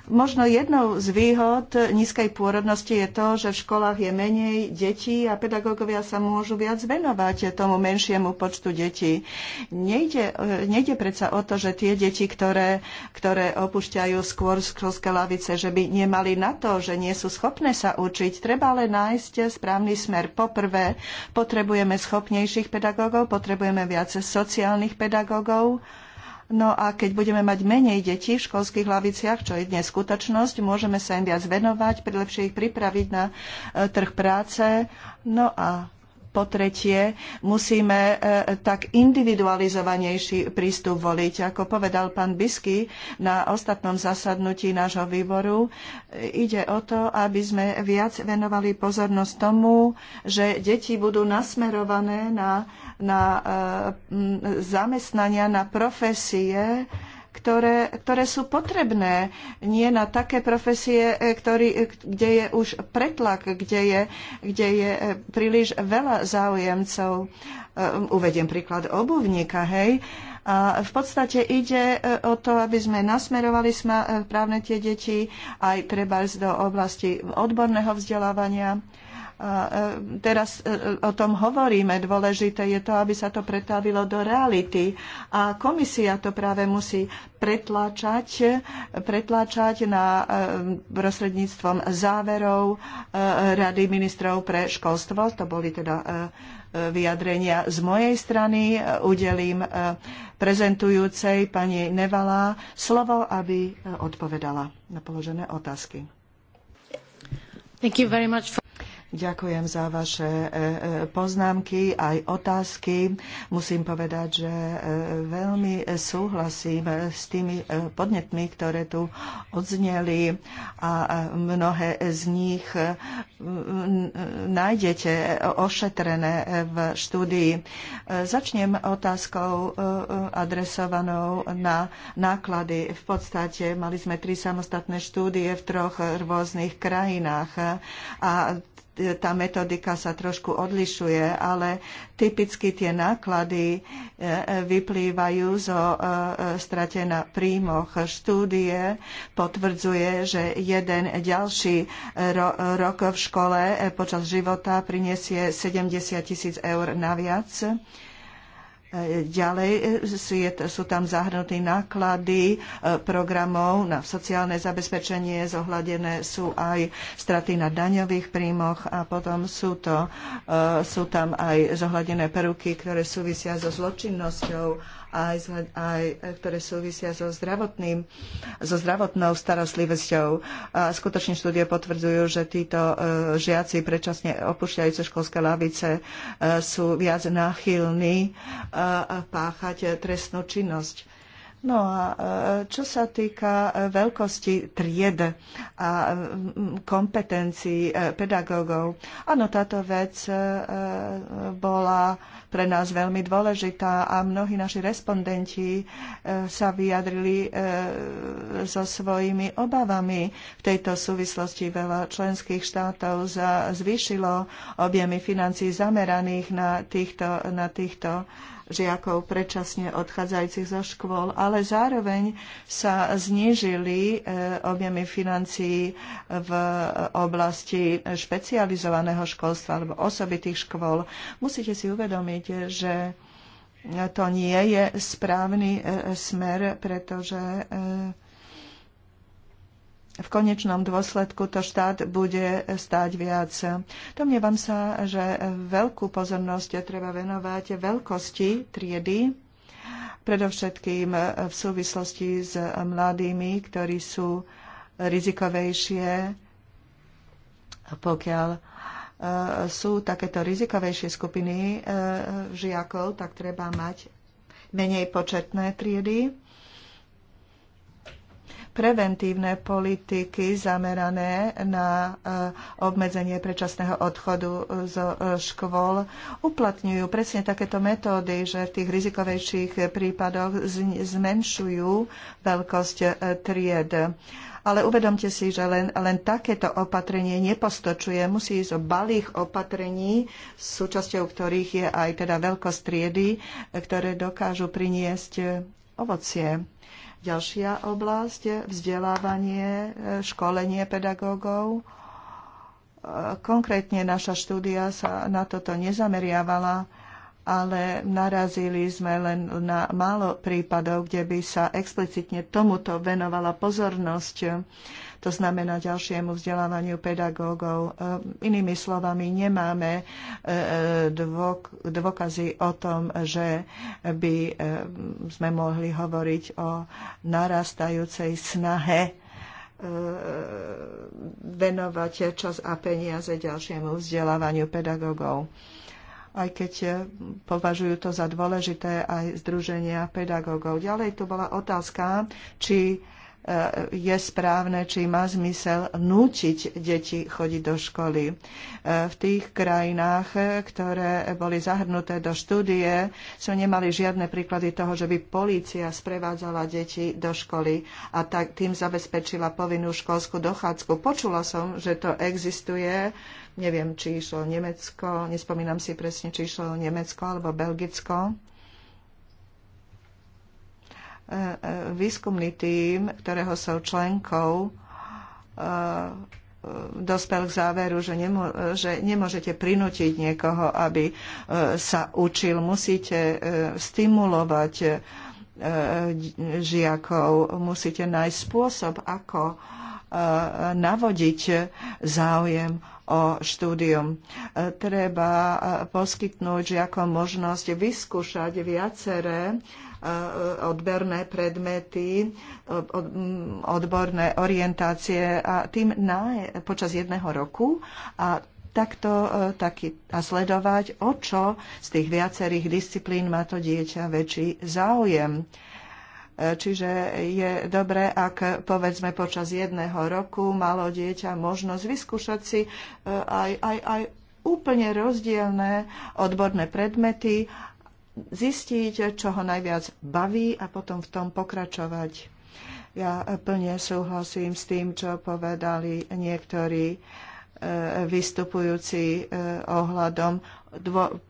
Možno jednou z výhod nízkej pôrodnosti je to, že v školách je menej detí a pedagógovia sa môžu viac venovať tomu menšiemu počtu detí. Nejde, nejde predsa o to, že tie deti, ktoré, ktoré opúšťajú skôr školské lavice, že by nemali na to, že nie sú schopné sa učiť. Treba ale nájsť správny smer. Poprvé, potrebujeme schopnejších pedagógov, potrebujeme viac sociálnych pedagógov, No a keď budeme mať menej detí v školských laviciach, čo je dnes skutočnosť, môžeme sa im viac venovať, lepšie ich pripraviť na e, trh práce. No a po tretie, musíme e, tak individualizovanejší prístup voliť. Ako povedal pán Bisky na ostatnom zasadnutí nášho výboru, e, ide o to, aby sme viac venovali pozornosť tomu, že deti budú nasmerované na, na e, zamestnania, na profesie, ktoré, ktoré sú potrebné. Nie na také profesie, e, ktorý, e, kde je už pretlak, kde je, kde je e, príliš veľa záujemcov. Uvediem príklad obuvníka, hej. A v podstate ide o to, aby sme nasmerovali právne tie deti aj treba do oblasti odborného vzdelávania E, teraz e, o tom hovoríme. Dôležité je to, aby sa to pretavilo do reality. A komisia to práve musí pretláčať, pretláčať na e, prostredníctvom záverov Rady ministrov pre školstvo. To boli teda vyjadrenia z mojej strany. Udelím prezentujúcej pani Nevala slovo, aby odpovedala na položené otázky. Thank you very much for Ďakujem za vaše e, e, poznámky aj otázky. Musím povedať, že e, veľmi súhlasím s tými podnetmi, ktoré tu odzneli a mnohé z nich nájdete ošetrené v štúdii. Začnem otázkou adresovanou na náklady. V podstate mali sme tri samostatné štúdie v troch rôznych krajinách a tá metodika sa trošku odlišuje, ale typicky tie náklady e, vyplývajú zo e, strate na príjmoch. Štúdie potvrdzuje, že jeden ďalší rok v škole e, počas života priniesie 70 tisíc eur naviac. viac Ďalej e, sú tam zahrnuté náklady e, programov na sociálne zabezpečenie, zohľadené sú aj straty na daňových príjmoch a potom sú, to, e, sú tam aj zohľadené peruky, ktoré súvisia so zločinnosťou aj, aj e, ktoré súvisia so, zdravotným, so zdravotnou starostlivosťou. A skutočne štúdie potvrdzujú, že títo e, žiaci predčasne opúšťajúce školské lavice e, sú viac náchylní páchať trestnú činnosť. No a čo sa týka veľkosti tried a kompetencií pedagógov, áno, táto vec bola pre nás veľmi dôležitá a mnohí naši respondenti e, sa vyjadrili e, so svojimi obavami. V tejto súvislosti veľa členských štátov zvýšilo objemy financí zameraných na týchto, na týchto žiakov predčasne odchádzajúcich zo škôl, ale zároveň sa znížili e, objemy financií v oblasti špecializovaného školstva alebo osobitých škôl. Musíte si uvedomiť, uvedomiť, že to nie je správny e, smer, pretože e, v konečnom dôsledku to štát bude stáť viac. Domnievam sa, že veľkú pozornosť treba venovať veľkosti triedy, predovšetkým v súvislosti s mladými, ktorí sú rizikovejšie, pokiaľ E, sú takéto rizikovejšie skupiny e, žiakov, tak treba mať menej početné triedy preventívne politiky zamerané na e, obmedzenie predčasného odchodu zo škôl uplatňujú presne takéto metódy, že v tých rizikovejších prípadoch zmenšujú veľkosť tried ale uvedomte si, že len, len takéto opatrenie nepostočuje. Musí ísť o balých opatrení, súčasťou ktorých je aj teda veľkosť triedy, ktoré dokážu priniesť e, ovocie. Ďalšia oblasť, e, vzdelávanie, e, školenie pedagógov. Konkrétne naša štúdia sa na toto nezameriavala ale narazili sme len na málo prípadov, kde by sa explicitne tomuto venovala pozornosť, to znamená ďalšiemu vzdelávaniu pedagógov. E, inými slovami, nemáme e, dôkazy o tom, že by e, sme mohli hovoriť o narastajúcej snahe venovať čas a peniaze ďalšiemu vzdelávaniu pedagógov aj keď eh, považujú to za dôležité aj združenia pedagógov. Ďalej tu bola otázka, či eh, je správne, či má zmysel nútiť deti chodiť do školy. Eh, v tých krajinách, ktoré boli zahrnuté do štúdie, sme nemali žiadne príklady toho, že by polícia sprevádzala deti do školy a tak tým zabezpečila povinnú školskú dochádzku. Počula som, že to existuje Neviem, či išlo Nemecko, nespomínam si presne, či išlo Nemecko alebo Belgicko. E, e, výskumný tím, ktorého som členkou, e, dospel k záveru, že, nemô, že nemôžete prinútiť niekoho, aby sa učil. Musíte stimulovať žiakov, musíte nájsť spôsob, ako navodiť záujem o štúdium. Treba poskytnúť žiakom možnosť vyskúšať viaceré e, odberné predmety, odborné orientácie a tým na, počas jedného roku a takto e, taký, a sledovať, o čo z tých viacerých disciplín má to dieťa väčší záujem Čiže je dobré, ak povedzme počas jedného roku malo dieťa možnosť vyskúšať si e, aj, aj, aj úplne rozdielne odborné predmety, zistiť, čo ho najviac baví a potom v tom pokračovať. Ja plne súhlasím s tým, čo povedali niektorí e, vystupujúci e, ohľadom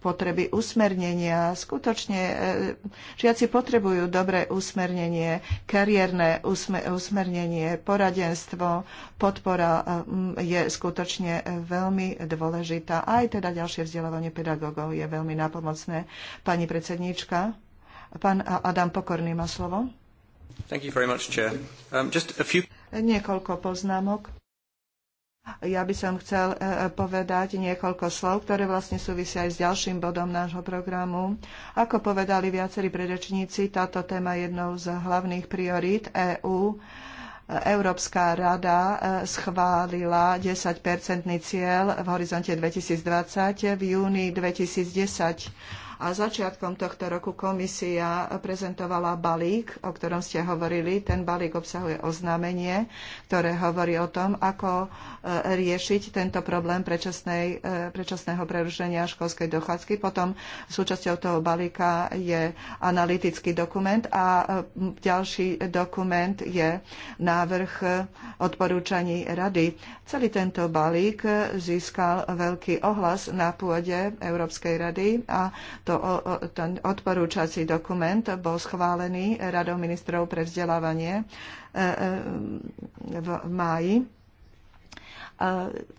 potreby usmernenia. Skutočne e, žiaci potrebujú dobré usmernenie, kariérne usmernenie, poradenstvo, podpora e, je skutočne e, veľmi dôležitá. Aj teda ďalšie vzdelávanie pedagógov je veľmi napomocné. Pani predsedníčka, pán Adam Pokorný má slovo. Thank you very much, Chair. Um, just a few... Niekoľko poznámok ja by som chcel e, e, povedať niekoľko slov, ktoré vlastne súvisia aj s ďalším bodom nášho programu. Ako povedali viacerí predečníci, táto téma je jednou z hlavných priorít EÚ. Európska rada e, schválila 10-percentný cieľ v horizonte 2020 v júni 2010 a začiatkom tohto roku komisia prezentovala balík, o ktorom ste hovorili. Ten balík obsahuje oznámenie, ktoré hovorí o tom, ako e, riešiť tento problém e, predčasného prerušenia školskej dochádzky. Potom súčasťou toho balíka je analytický dokument a e, ďalší dokument je návrh odporúčaní rady. Celý tento balík získal veľký ohlas na pôde Európskej rady a to, ten odporúčací dokument bol schválený Radou ministrov pre vzdelávanie e, e, v máji. E,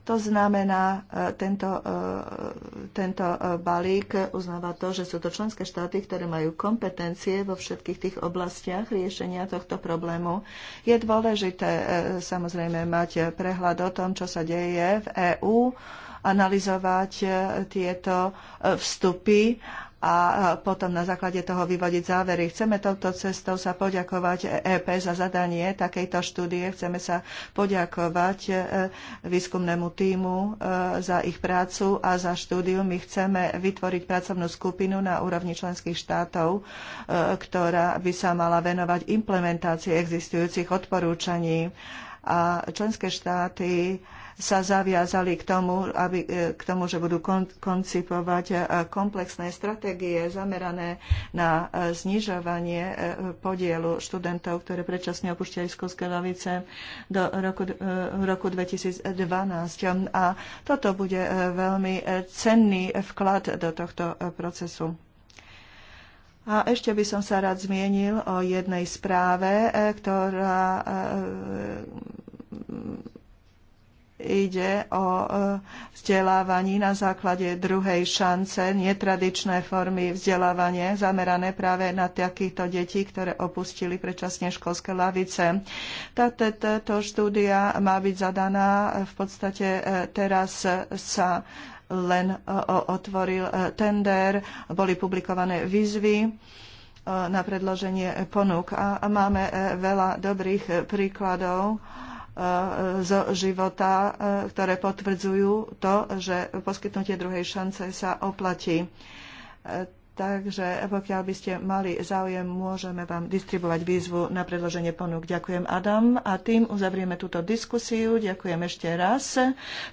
to znamená, tento, tento balík uznáva to, že sú to členské štáty, ktoré majú kompetencie vo všetkých tých oblastiach riešenia tohto problému. Je dôležité samozrejme mať prehľad o tom, čo sa deje v EÚ analyzovať e, tieto e, vstupy a e, potom na základe toho vyvodiť závery. Chceme touto cestou sa poďakovať EP za zadanie takejto štúdie. Chceme sa poďakovať výskumnému týmu za ich prácu a za štúdiu. My chceme vytvoriť pracovnú skupinu na úrovni členských štátov, ktorá by sa mala venovať implementácii existujúcich odporúčaní. A členské štáty sa zaviazali k tomu, aby, e, k tomu že budú koncipovať e, komplexné stratégie zamerané na e, znižovanie podielu študentov, ktoré predčasne opúšťajú školské lavice do roku, roku 2012. A toto bude veľmi cenný vklad do tohto procesu. A ešte by som sa rád zmienil o jednej správe, ktorá ide o e, vzdelávaní na základe druhej šance, netradičné formy vzdelávania zamerané práve na takýchto detí, ktoré opustili predčasne školské lavice. Táto štúdia má byť zadaná e, v podstate e, teraz sa len otvoril tender, boli publikované výzvy na predloženie ponúk a máme veľa dobrých príkladov E, zo života, e, ktoré potvrdzujú to, že poskytnutie druhej šance sa oplatí e, Takže pokiaľ by ste mali záujem, môžeme vám distribuovať výzvu na predloženie ponúk. Ďakujem Adam a tým uzavrieme túto diskusiu. Ďakujem ešte raz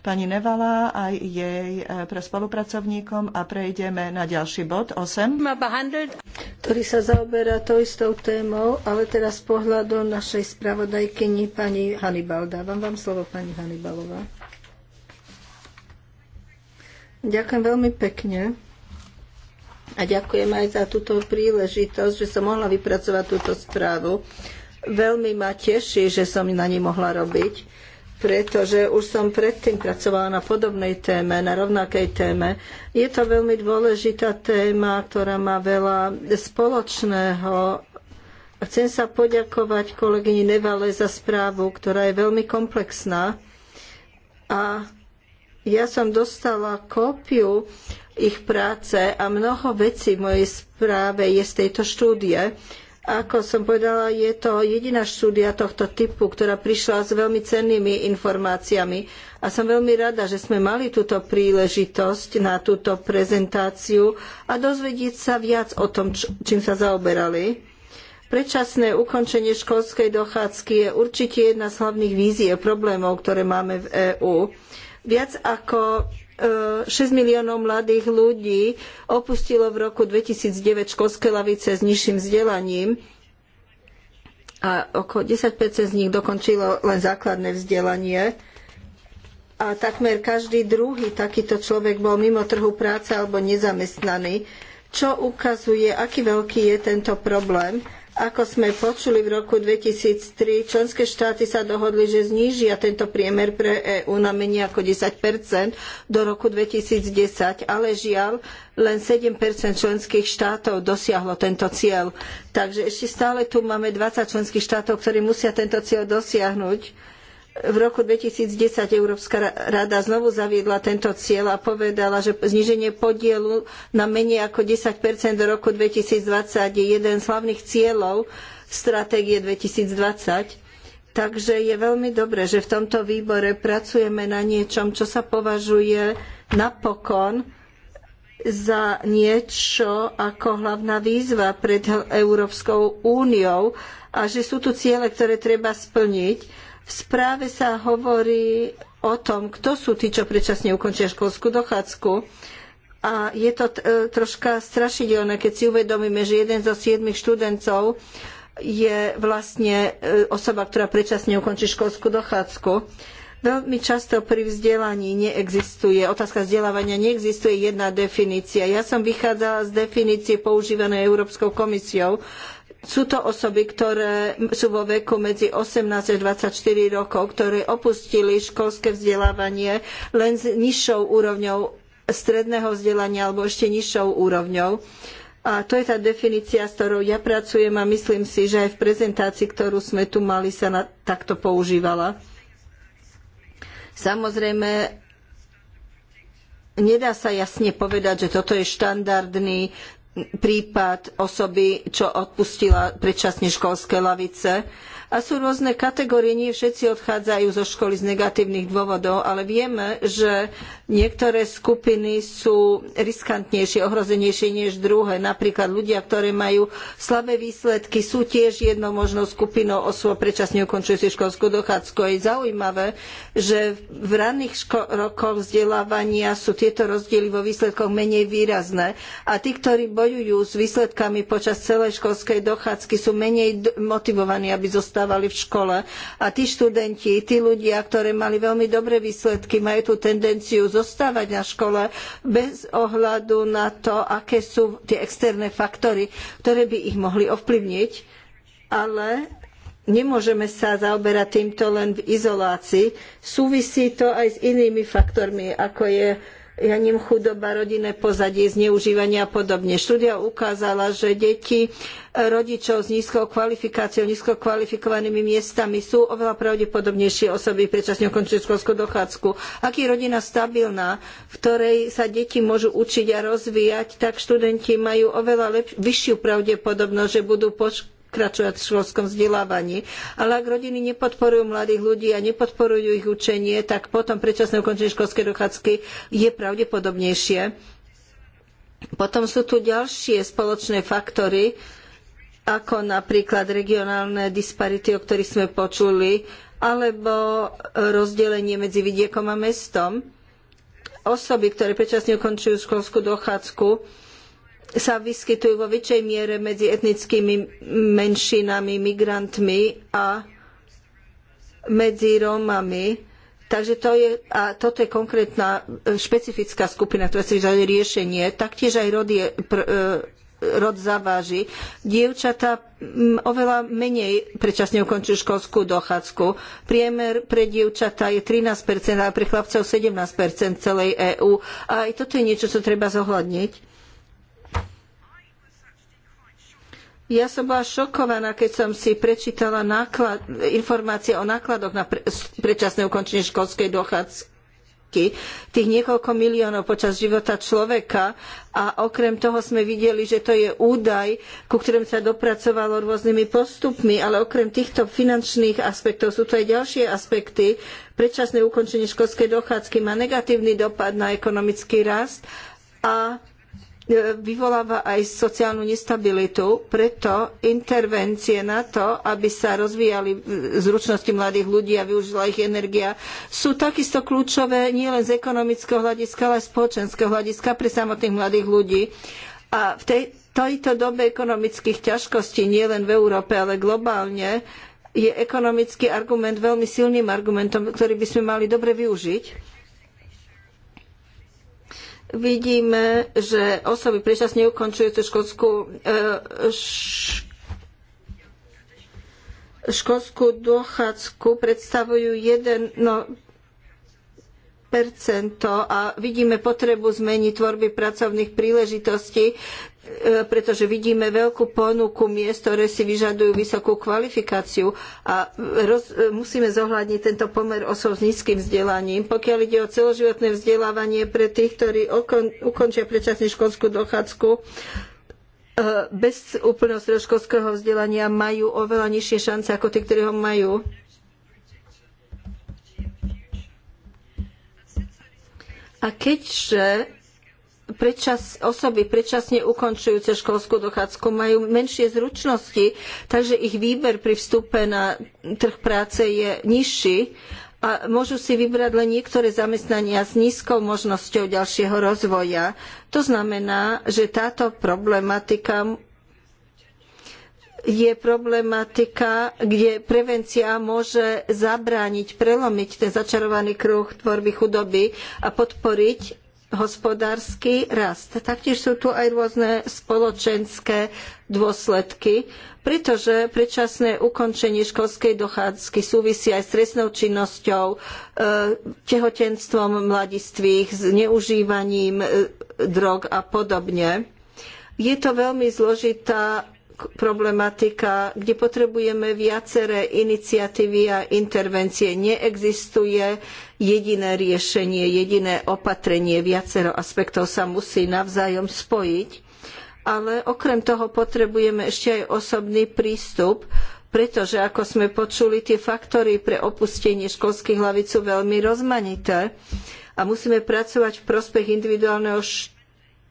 pani Nevala aj jej e, pre spolupracovníkom a prejdeme na ďalší bod 8. Ktorý sa zaoberá to istou témou, ale teraz z pohľadu našej spravodajkyni pani Hannibal. Dávam vám slovo pani Hannibalová. Ďakujem veľmi pekne. A ďakujem aj za túto príležitosť, že som mohla vypracovať túto správu. Veľmi ma teší, že som na nej mohla robiť, pretože už som predtým pracovala na podobnej téme, na rovnakej téme. Je to veľmi dôležitá téma, ktorá má veľa spoločného. Chcem sa poďakovať kolegyni Nevale za správu, ktorá je veľmi komplexná. A ja som dostala kópiu ich práce a mnoho vecí v mojej správe je z tejto štúdie. Ako som povedala, je to jediná štúdia tohto typu, ktorá prišla s veľmi cennými informáciami a som veľmi rada, že sme mali túto príležitosť na túto prezentáciu a dozvedieť sa viac o tom, čím sa zaoberali. Predčasné ukončenie školskej dochádzky je určite jedna z hlavných vízie problémov, ktoré máme v EÚ. Viac ako 6 miliónov mladých ľudí opustilo v roku 2009 školské lavice s nižším vzdelaním a okolo 10 z nich dokončilo len základné vzdelanie a takmer každý druhý takýto človek bol mimo trhu práce alebo nezamestnaný, čo ukazuje, aký veľký je tento problém ako sme počuli v roku 2003, členské štáty sa dohodli, že znížia tento priemer pre EÚ na menej ako 10 do roku 2010, ale žiaľ, len 7 členských štátov dosiahlo tento cieľ. Takže ešte stále tu máme 20 členských štátov, ktorí musia tento cieľ dosiahnuť v roku 2010 Európska rada znovu zaviedla tento cieľ a povedala, že zníženie podielu na menej ako 10 do roku 2020 je jeden z hlavných cieľov stratégie 2020. Takže je veľmi dobré, že v tomto výbore pracujeme na niečom, čo sa považuje napokon za niečo ako hlavná výzva pred Európskou úniou a že sú tu ciele, ktoré treba splniť v správe sa hovorí o tom, kto sú tí, čo predčasne ukončia školskú dochádzku. A je to e, troška strašidelné, keď si uvedomíme, že jeden zo siedmich študentov je vlastne e, osoba, ktorá predčasne ukončí školskú dochádzku. Veľmi často pri vzdelaní neexistuje, otázka vzdelávania neexistuje jedna definícia. Ja som vychádzala z definície používanej Európskou komisiou, sú to osoby, ktoré sú vo veku medzi 18 až 24 rokov, ktoré opustili školské vzdelávanie len s nižšou úrovňou stredného vzdelania alebo ešte nižšou úrovňou. A to je tá definícia, s ktorou ja pracujem a myslím si, že aj v prezentácii, ktorú sme tu mali, sa na, takto používala. Samozrejme, nedá sa jasne povedať, že toto je štandardný prípad osoby, čo odpustila predčasne školské lavice a sú rôzne kategórie, nie všetci odchádzajú zo školy z negatívnych dôvodov, ale vieme, že niektoré skupiny sú riskantnejšie, ohrozenejšie než druhé. Napríklad ľudia, ktorí majú slabé výsledky, sú tiež jednou možnou skupinou osôb predčasne ukončujúcich školskú dochádzku. Je zaujímavé, že v ranných rokoch vzdelávania sú tieto rozdiely vo výsledkoch menej výrazné a tí, ktorí bojujú s výsledkami počas celej školskej dochádzky, sú menej motivovaní, aby zostali dostávali v škole. A tí študenti, tí ľudia, ktorí mali veľmi dobré výsledky, majú tú tendenciu zostávať na škole bez ohľadu na to, aké sú tie externé faktory, ktoré by ich mohli ovplyvniť. Ale nemôžeme sa zaoberať týmto len v izolácii. Súvisí to aj s inými faktormi, ako je ja ním chudoba, rodinné pozadie, zneužívania a podobne. Štúdia ukázala, že deti rodičov s nízkou kvalifikáciou, nízko kvalifikovanými miestami sú oveľa pravdepodobnejšie osoby predčasne ukončujú školskú dochádzku. Ak je rodina stabilná, v ktorej sa deti môžu učiť a rozvíjať, tak študenti majú oveľa vyššiu pravdepodobnosť, že budú po pokračovať v školskom vzdelávaní. Ale ak rodiny nepodporujú mladých ľudí a nepodporujú ich učenie, tak potom predčasné ukončenie školskej dochádzky je pravdepodobnejšie. Potom sú tu ďalšie spoločné faktory, ako napríklad regionálne disparity, o ktorých sme počuli, alebo rozdelenie medzi vidiekom a mestom. Osoby, ktoré predčasne ukončujú školskú dochádzku, sa vyskytujú vo väčšej miere medzi etnickými menšinami, migrantmi a medzi Rómami. Takže to je, a toto je konkrétna e, špecifická skupina, ktorá si vyžaduje riešenie. Taktiež aj rod, je, pr, e, rod zaváži. Dievčatá oveľa menej predčasne ukončujú školskú dochádzku. Priemer pre dievčatá je 13%, a pre chlapcov 17% celej EÚ. A aj toto je niečo, čo treba zohľadniť Ja som bola šokovaná, keď som si prečítala náklad, informácie o nákladoch na pre, predčasné ukončenie školskej dochádzky tých niekoľko miliónov počas života človeka a okrem toho sme videli, že to je údaj, ku ktorým sa dopracovalo rôznymi postupmi, ale okrem týchto finančných aspektov sú tu aj ďalšie aspekty. Predčasné ukončenie školskej dochádzky má negatívny dopad na ekonomický rast a E, vyvoláva aj sociálnu nestabilitu, preto intervencie na to, aby sa rozvíjali zručnosti mladých ľudí a využila ich energia, sú takisto kľúčové nielen z ekonomického hľadiska, ale aj spoločenského hľadiska pre samotných mladých ľudí. A v tej, tejto dobe ekonomických ťažkostí nielen v Európe, ale globálne je ekonomický argument veľmi silným argumentom, ktorý by sme mali dobre využiť vidíme, že osoby predčasne ukončujúce školskú, školskú e, predstavujú 1 no, percento a vidíme potrebu zmeniť tvorby pracovných príležitostí, E, pretože vidíme veľkú ponuku miest, ktoré si vyžadujú vysokú kvalifikáciu a roz, e, musíme zohľadniť tento pomer osôb s nízkym vzdelaním. Pokiaľ ide o celoživotné vzdelávanie pre tých, ktorí okon, ukončia predčasne školskú dochádzku, e, bez úplného stredoškolského vzdelania majú oveľa nižšie šance ako tí, ktorí ho majú. A keďže predčas, osoby predčasne ukončujúce školskú dochádzku majú menšie zručnosti, takže ich výber pri vstupe na trh práce je nižší a môžu si vybrať len niektoré zamestnania s nízkou možnosťou ďalšieho rozvoja. To znamená, že táto problematika je problematika, kde prevencia môže zabrániť, prelomiť ten začarovaný kruh tvorby chudoby a podporiť hospodársky rast. Taktiež sú tu aj rôzne spoločenské dôsledky, pretože predčasné ukončenie školskej dochádzky súvisí aj s trestnou činnosťou, e, tehotenstvom mladistvých, s neužívaním e, drog a podobne. Je to veľmi zložitá problematika, kde potrebujeme viaceré iniciatívy a intervencie. Neexistuje jediné riešenie, jediné opatrenie, viacero aspektov sa musí navzájom spojiť. Ale okrem toho potrebujeme ešte aj osobný prístup, pretože ako sme počuli, tie faktory pre opustenie školských hlavic sú veľmi rozmanité a musíme pracovať v prospech individuálneho št-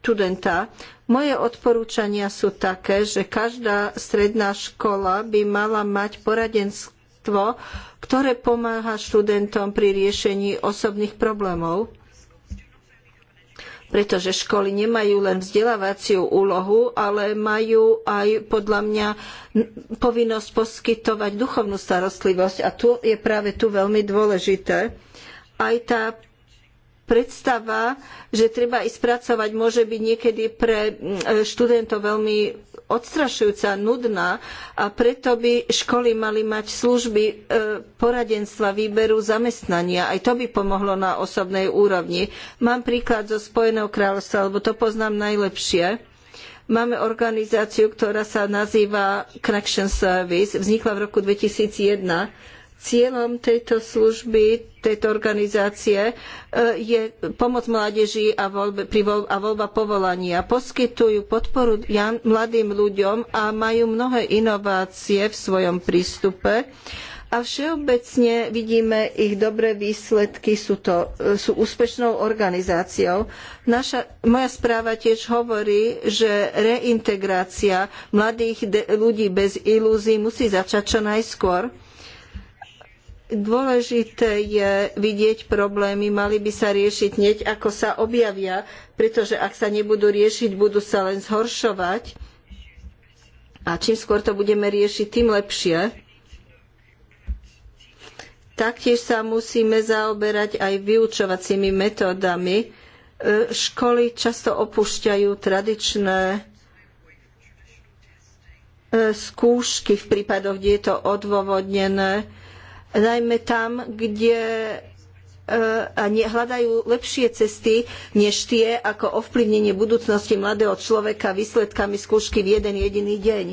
študenta. Moje odporúčania sú také, že každá stredná škola by mala mať poradenstvo, ktoré pomáha študentom pri riešení osobných problémov pretože školy nemajú len vzdelávaciu úlohu, ale majú aj podľa mňa povinnosť poskytovať duchovnú starostlivosť a tu je práve tu veľmi dôležité. Aj tá predstava, že treba ísť pracovať, môže byť niekedy pre mm, študentov veľmi odstrašujúca, nudná a preto by školy mali mať služby e, poradenstva výberu zamestnania. Aj to by pomohlo na osobnej úrovni. Mám príklad zo Spojeného kráľovstva, lebo to poznám najlepšie. Máme organizáciu, ktorá sa nazýva Connection Service. Vznikla v roku 2001 Cieľom tejto služby, tejto organizácie e, je pomoc mládeži a, a voľba povolania. Poskytujú podporu mladým ľuďom a majú mnohé inovácie v svojom prístupe. A všeobecne vidíme ich dobré výsledky, sú, to, e, sú úspešnou organizáciou. Naša, moja správa tiež hovorí, že reintegrácia mladých ľudí bez ilúzií musí začať čo najskôr Dôležité je vidieť problémy, mali by sa riešiť hneď, ako sa objavia, pretože ak sa nebudú riešiť, budú sa len zhoršovať. A čím skôr to budeme riešiť, tým lepšie. Taktiež sa musíme zaoberať aj vyučovacími metódami. E, školy často opúšťajú tradičné e, skúšky v prípadoch, kde je to odôvodnené najmä tam, kde e, a hľadajú lepšie cesty, než tie, ako ovplyvnenie budúcnosti mladého človeka výsledkami skúšky v jeden jediný deň.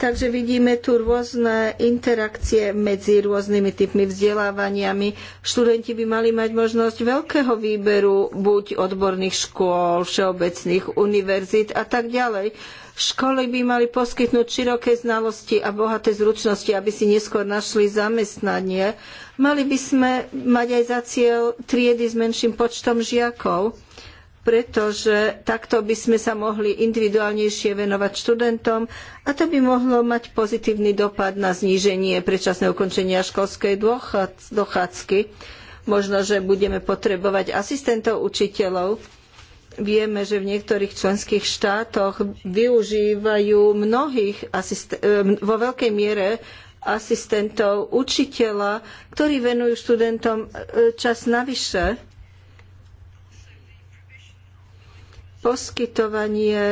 Takže vidíme tu rôzne interakcie medzi rôznymi typmi vzdelávaniami. Študenti by mali mať možnosť veľkého výberu buď odborných škôl, všeobecných univerzít a tak ďalej. Školy by mali poskytnúť široké znalosti a bohaté zručnosti, aby si neskôr našli zamestnanie. Mali by sme mať aj za cieľ triedy s menším počtom žiakov pretože takto by sme sa mohli individuálnejšie venovať študentom a to by mohlo mať pozitívny dopad na zníženie predčasného ukončenia školskej dochádzky. Možno, že budeme potrebovať asistentov učiteľov. Vieme, že v niektorých členských štátoch využívajú mnohých e, vo veľkej miere asistentov učiteľa, ktorí venujú študentom e, čas navyše poskytovanie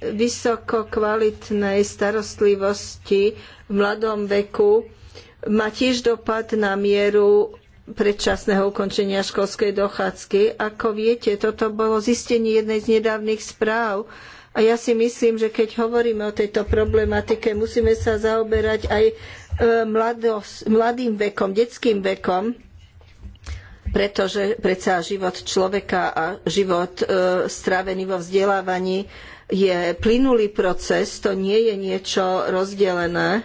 vysoko kvalitnej starostlivosti v mladom veku má tiež dopad na mieru predčasného ukončenia školskej dochádzky. Ako viete, toto bolo zistenie jednej z nedávnych správ a ja si myslím, že keď hovoríme o tejto problematike, musíme sa zaoberať aj e, mladosť, mladým vekom, detským vekom pretože predsa život človeka a život e, strávený vo vzdelávaní je plynulý proces, to nie je niečo rozdelené.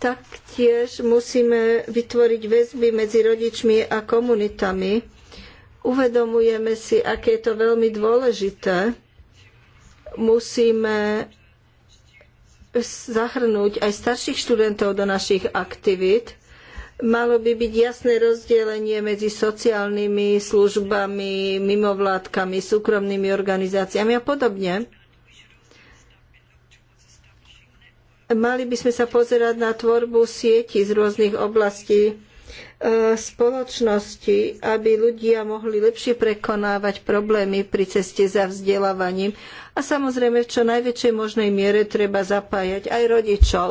Taktiež musíme vytvoriť väzby medzi rodičmi a komunitami. Uvedomujeme si, aké je to veľmi dôležité. Musíme zahrnúť aj starších študentov do našich aktivít. Malo by byť jasné rozdelenie medzi sociálnymi službami, mimovládkami, súkromnými organizáciami a podobne. Mali by sme sa pozerať na tvorbu sieti z rôznych oblastí E, spoločnosti, aby ľudia mohli lepšie prekonávať problémy pri ceste za vzdelávaním. A samozrejme v čo najväčšej možnej miere treba zapájať aj rodičov.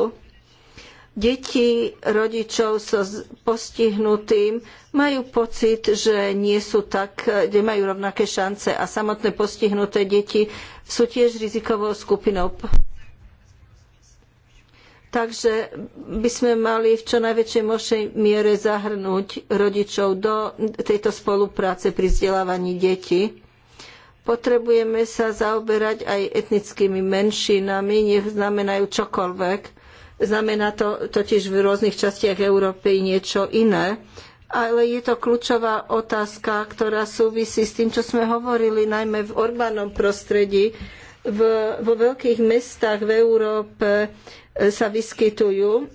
Deti rodičov so postihnutým majú pocit, že nie sú tak, nemajú rovnaké šance a samotné postihnuté deti sú tiež rizikovou skupinou Takže by sme mali v čo najväčšej možnej miere zahrnúť rodičov do tejto spolupráce pri vzdelávaní detí. Potrebujeme sa zaoberať aj etnickými menšinami, nech znamenajú čokoľvek. Znamená to totiž v rôznych častiach Európy niečo iné. Ale je to kľúčová otázka, ktorá súvisí s tým, čo sme hovorili, najmä v urbanom prostredí, v, vo veľkých mestách v Európe e, sa vyskytujú.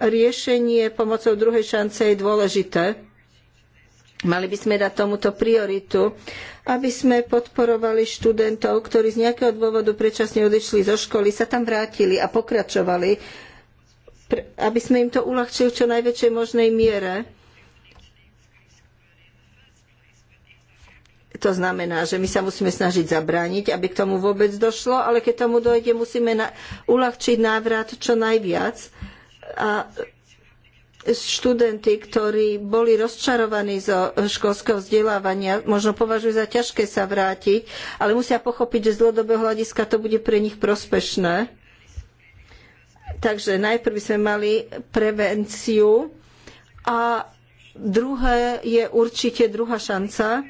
Riešenie pomocou druhej šance je dôležité. Mali by sme dať tomuto prioritu, aby sme podporovali študentov, ktorí z nejakého dôvodu predčasne odišli zo školy, sa tam vrátili a pokračovali, aby sme im to uľahčili v čo najväčšej možnej miere To znamená, že my sa musíme snažiť zabrániť, aby k tomu vôbec došlo, ale keď tomu dojde, musíme na, uľahčiť návrat čo najviac. A študenti, ktorí boli rozčarovaní zo školského vzdelávania, možno považujú za ťažké sa vrátiť, ale musia pochopiť, že z dlhodobého hľadiska to bude pre nich prospešné. Takže najprv by sme mali prevenciu a druhé je určite druhá šanca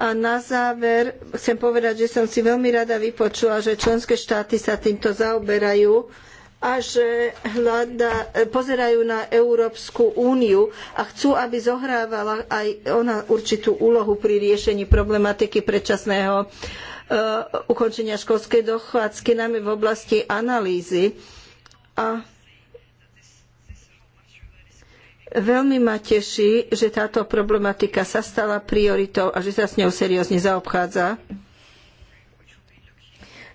a na záver chcem povedať, že som si veľmi rada vypočula, že členské štáty sa týmto zaoberajú a že hľada, pozerajú na Európsku úniu a chcú, aby zohrávala aj ona určitú úlohu pri riešení problematiky predčasného uh, ukončenia školskej dochádzky, najmä v oblasti analýzy. A Veľmi ma teší, že táto problematika sa stala prioritou a že sa s ňou seriózne zaobchádza.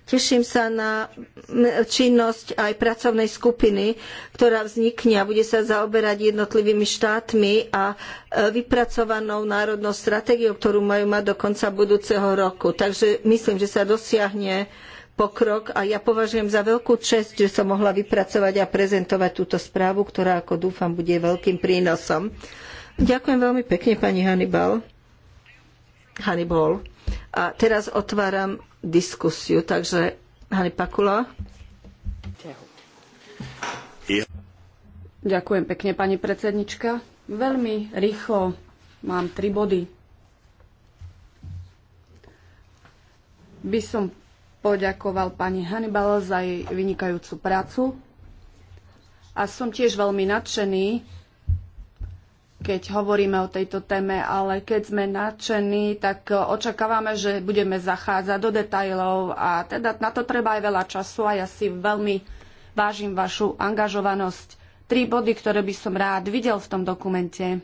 Teším sa na činnosť aj pracovnej skupiny, ktorá vznikne a bude sa zaoberať jednotlivými štátmi a e, vypracovanou národnou stratégiou, ktorú majú mať do konca budúceho roku. Takže myslím, že sa dosiahne uh, pokrok a ja považujem za veľkú čest, že som mohla vypracovať a prezentovať túto správu, ktorá, ako dúfam, bude veľkým prínosom. Ďakujem veľmi pekne, pani Hannibal. Hannibal. A teraz otváram diskusiu, takže Hani Pakula. Ďakujem pekne, pani predsednička. Veľmi rýchlo mám tri body. By som poďakoval pani Hannibal za jej vynikajúcu prácu. A som tiež veľmi nadšený, keď hovoríme o tejto téme, ale keď sme nadšení, tak očakávame, že budeme zachádzať do detajlov a teda na to treba aj veľa času a ja si veľmi vážim vašu angažovanosť. Tri body, ktoré by som rád videl v tom dokumente.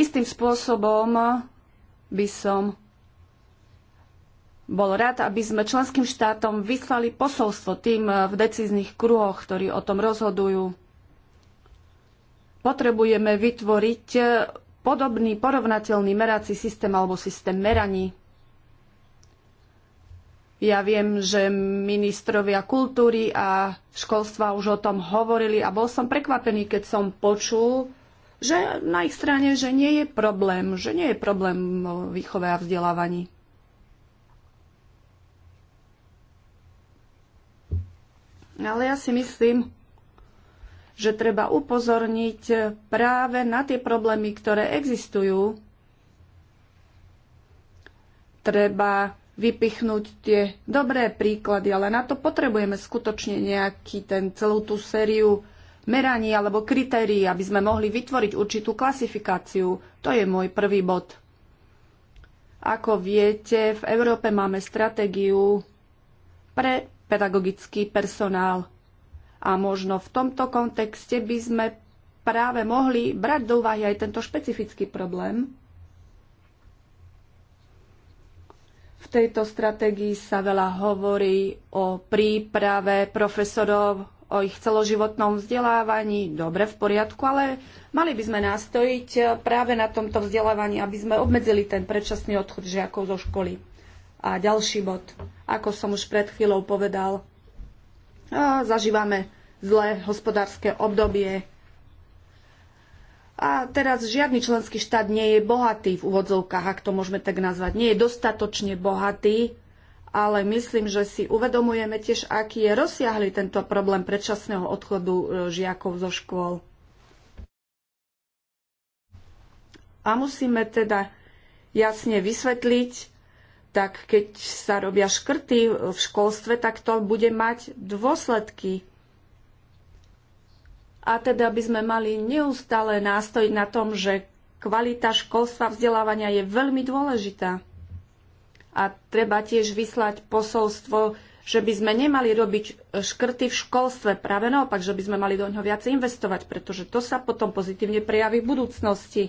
Istým spôsobom by som bol rád, aby sme členským štátom vyslali posolstvo tým eh, v decíznych kruhoch, ktorí o tom rozhodujú. Potrebujeme vytvoriť eh, podobný porovnateľný merací systém alebo systém meraní. Ja viem, že ministrovia kultúry a školstva už o tom hovorili a bol som prekvapený, keď som počul, že na ich strane, že nie je problém, že nie je problém vo výchove a vzdelávaní. Ale ja si myslím, že treba upozorniť práve na tie problémy, ktoré existujú. Treba vypichnúť tie dobré príklady, ale na to potrebujeme skutočne nejaký ten celú tú sériu meraní alebo kritérií, aby sme mohli vytvoriť určitú klasifikáciu. To je môj prvý bod. Ako viete, v Európe máme stratégiu pre pedagogický personál. A možno v tomto kontexte by sme práve mohli brať do úvahy aj tento špecifický problém. V tejto stratégii sa veľa hovorí o príprave profesorov, o ich celoživotnom vzdelávaní. Dobre, v poriadku, ale mali by sme nastojiť práve na tomto vzdelávaní, aby sme obmedzili ten predčasný odchod žiakov zo školy. A ďalší bod, ako som už pred chvíľou povedal, zažívame zlé hospodárske obdobie. A teraz žiadny členský štát nie je bohatý v úvodzovkách, ak to môžeme tak nazvať. Nie je dostatočne bohatý ale myslím, že si uvedomujeme tiež, aký je rozsiahly tento problém predčasného odchodu e, žiakov zo škôl. A musíme teda jasne vysvetliť, tak keď sa robia škrty v školstve, tak to bude mať dôsledky. A teda by sme mali neustále nástojiť na tom, že kvalita školstva vzdelávania je veľmi dôležitá a treba tiež vyslať posolstvo, že by sme nemali robiť škrty v školstve, práve naopak, že by sme mali do ňoho viac investovať, pretože to sa potom pozitívne prejaví v budúcnosti.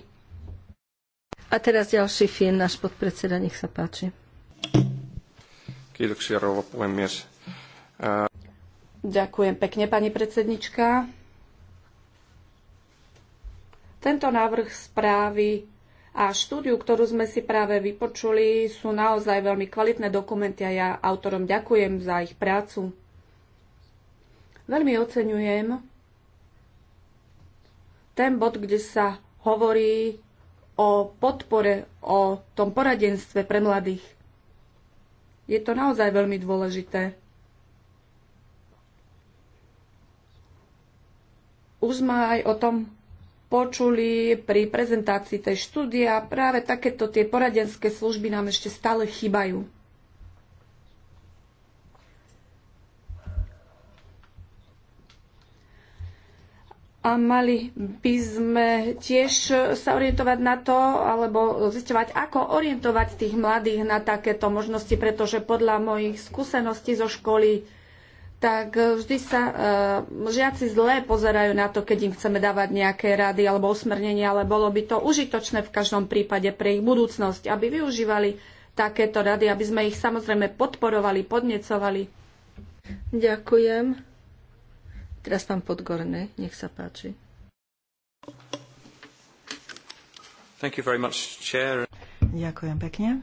A teraz ďalší film, náš podpredseda, nech sa páči. Ďakujem pekne, pani predsednička. Tento návrh správy a štúdiu, ktorú sme si práve vypočuli, sú naozaj veľmi kvalitné dokumenty a ja autorom ďakujem za ich prácu. Veľmi oceňujem ten bod, kde sa hovorí o podpore, o tom poradenstve pre mladých. Je to naozaj veľmi dôležité. Už sme aj o tom počuli pri prezentácii tej štúdia a práve takéto tie poradenské služby nám ešte stále chýbajú. A mali by sme tiež sa orientovať na to, alebo zistovať, ako orientovať tých mladých na takéto možnosti, pretože podľa mojich skúseností zo školy tak eh, vždy sa e, žiaci zle pozerajú na to, keď im chceme dávať nejaké rady alebo usmernenia, ale bolo by to užitočné v každom prípade pre ich budúcnosť, aby využívali takéto rady, aby sme ich samozrejme podporovali, podnecovali. Ďakujem. Teraz pán Podgorný, nech sa páči. Thank you very much, chair. Ďakujem pekne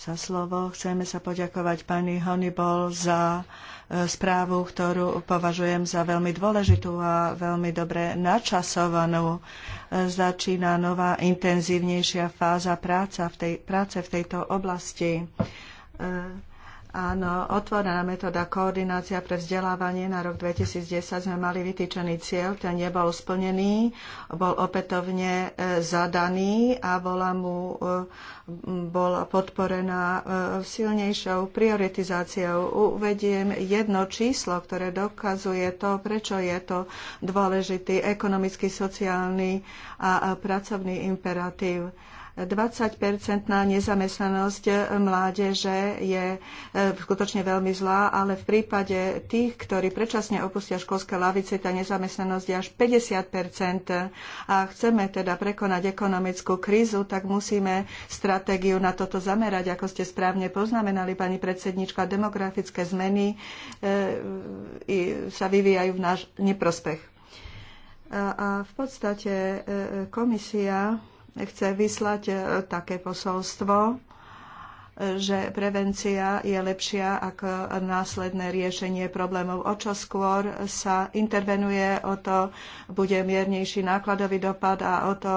za slovo. Chceme sa poďakovať pani Honeyball za e, správu, ktorú považujem za veľmi dôležitú a veľmi dobre načasovanú. E, začína nová intenzívnejšia fáza práca v tej, práce v tejto oblasti e, Áno, otvorená metóda koordinácia pre vzdelávanie na rok 2010 sme mali vytýčený cieľ, ten nebol splnený, bol opätovne e, zadaný a bola mu e, bola podporená e, silnejšou prioritizáciou. Uvediem jedno číslo, ktoré dokazuje to, prečo je to dôležitý ekonomický, sociálny a pracovný imperatív. 20-percentná nezamestnanosť mládeže je e, skutočne veľmi zlá, ale v prípade tých, ktorí predčasne opustia školské lavice, tá nezamestnanosť je až 50 A chceme teda prekonať ekonomickú krízu, tak musíme stratégiu na toto zamerať. Ako ste správne poznamenali, pani predsednička, demografické zmeny e, sa vyvíjajú v náš neprospech. A v podstate e, komisia chce vyslať e, také posolstvo, e, že prevencia je lepšia ako následné riešenie problémov. O čo skôr sa intervenuje, o to bude miernejší nákladový dopad a o to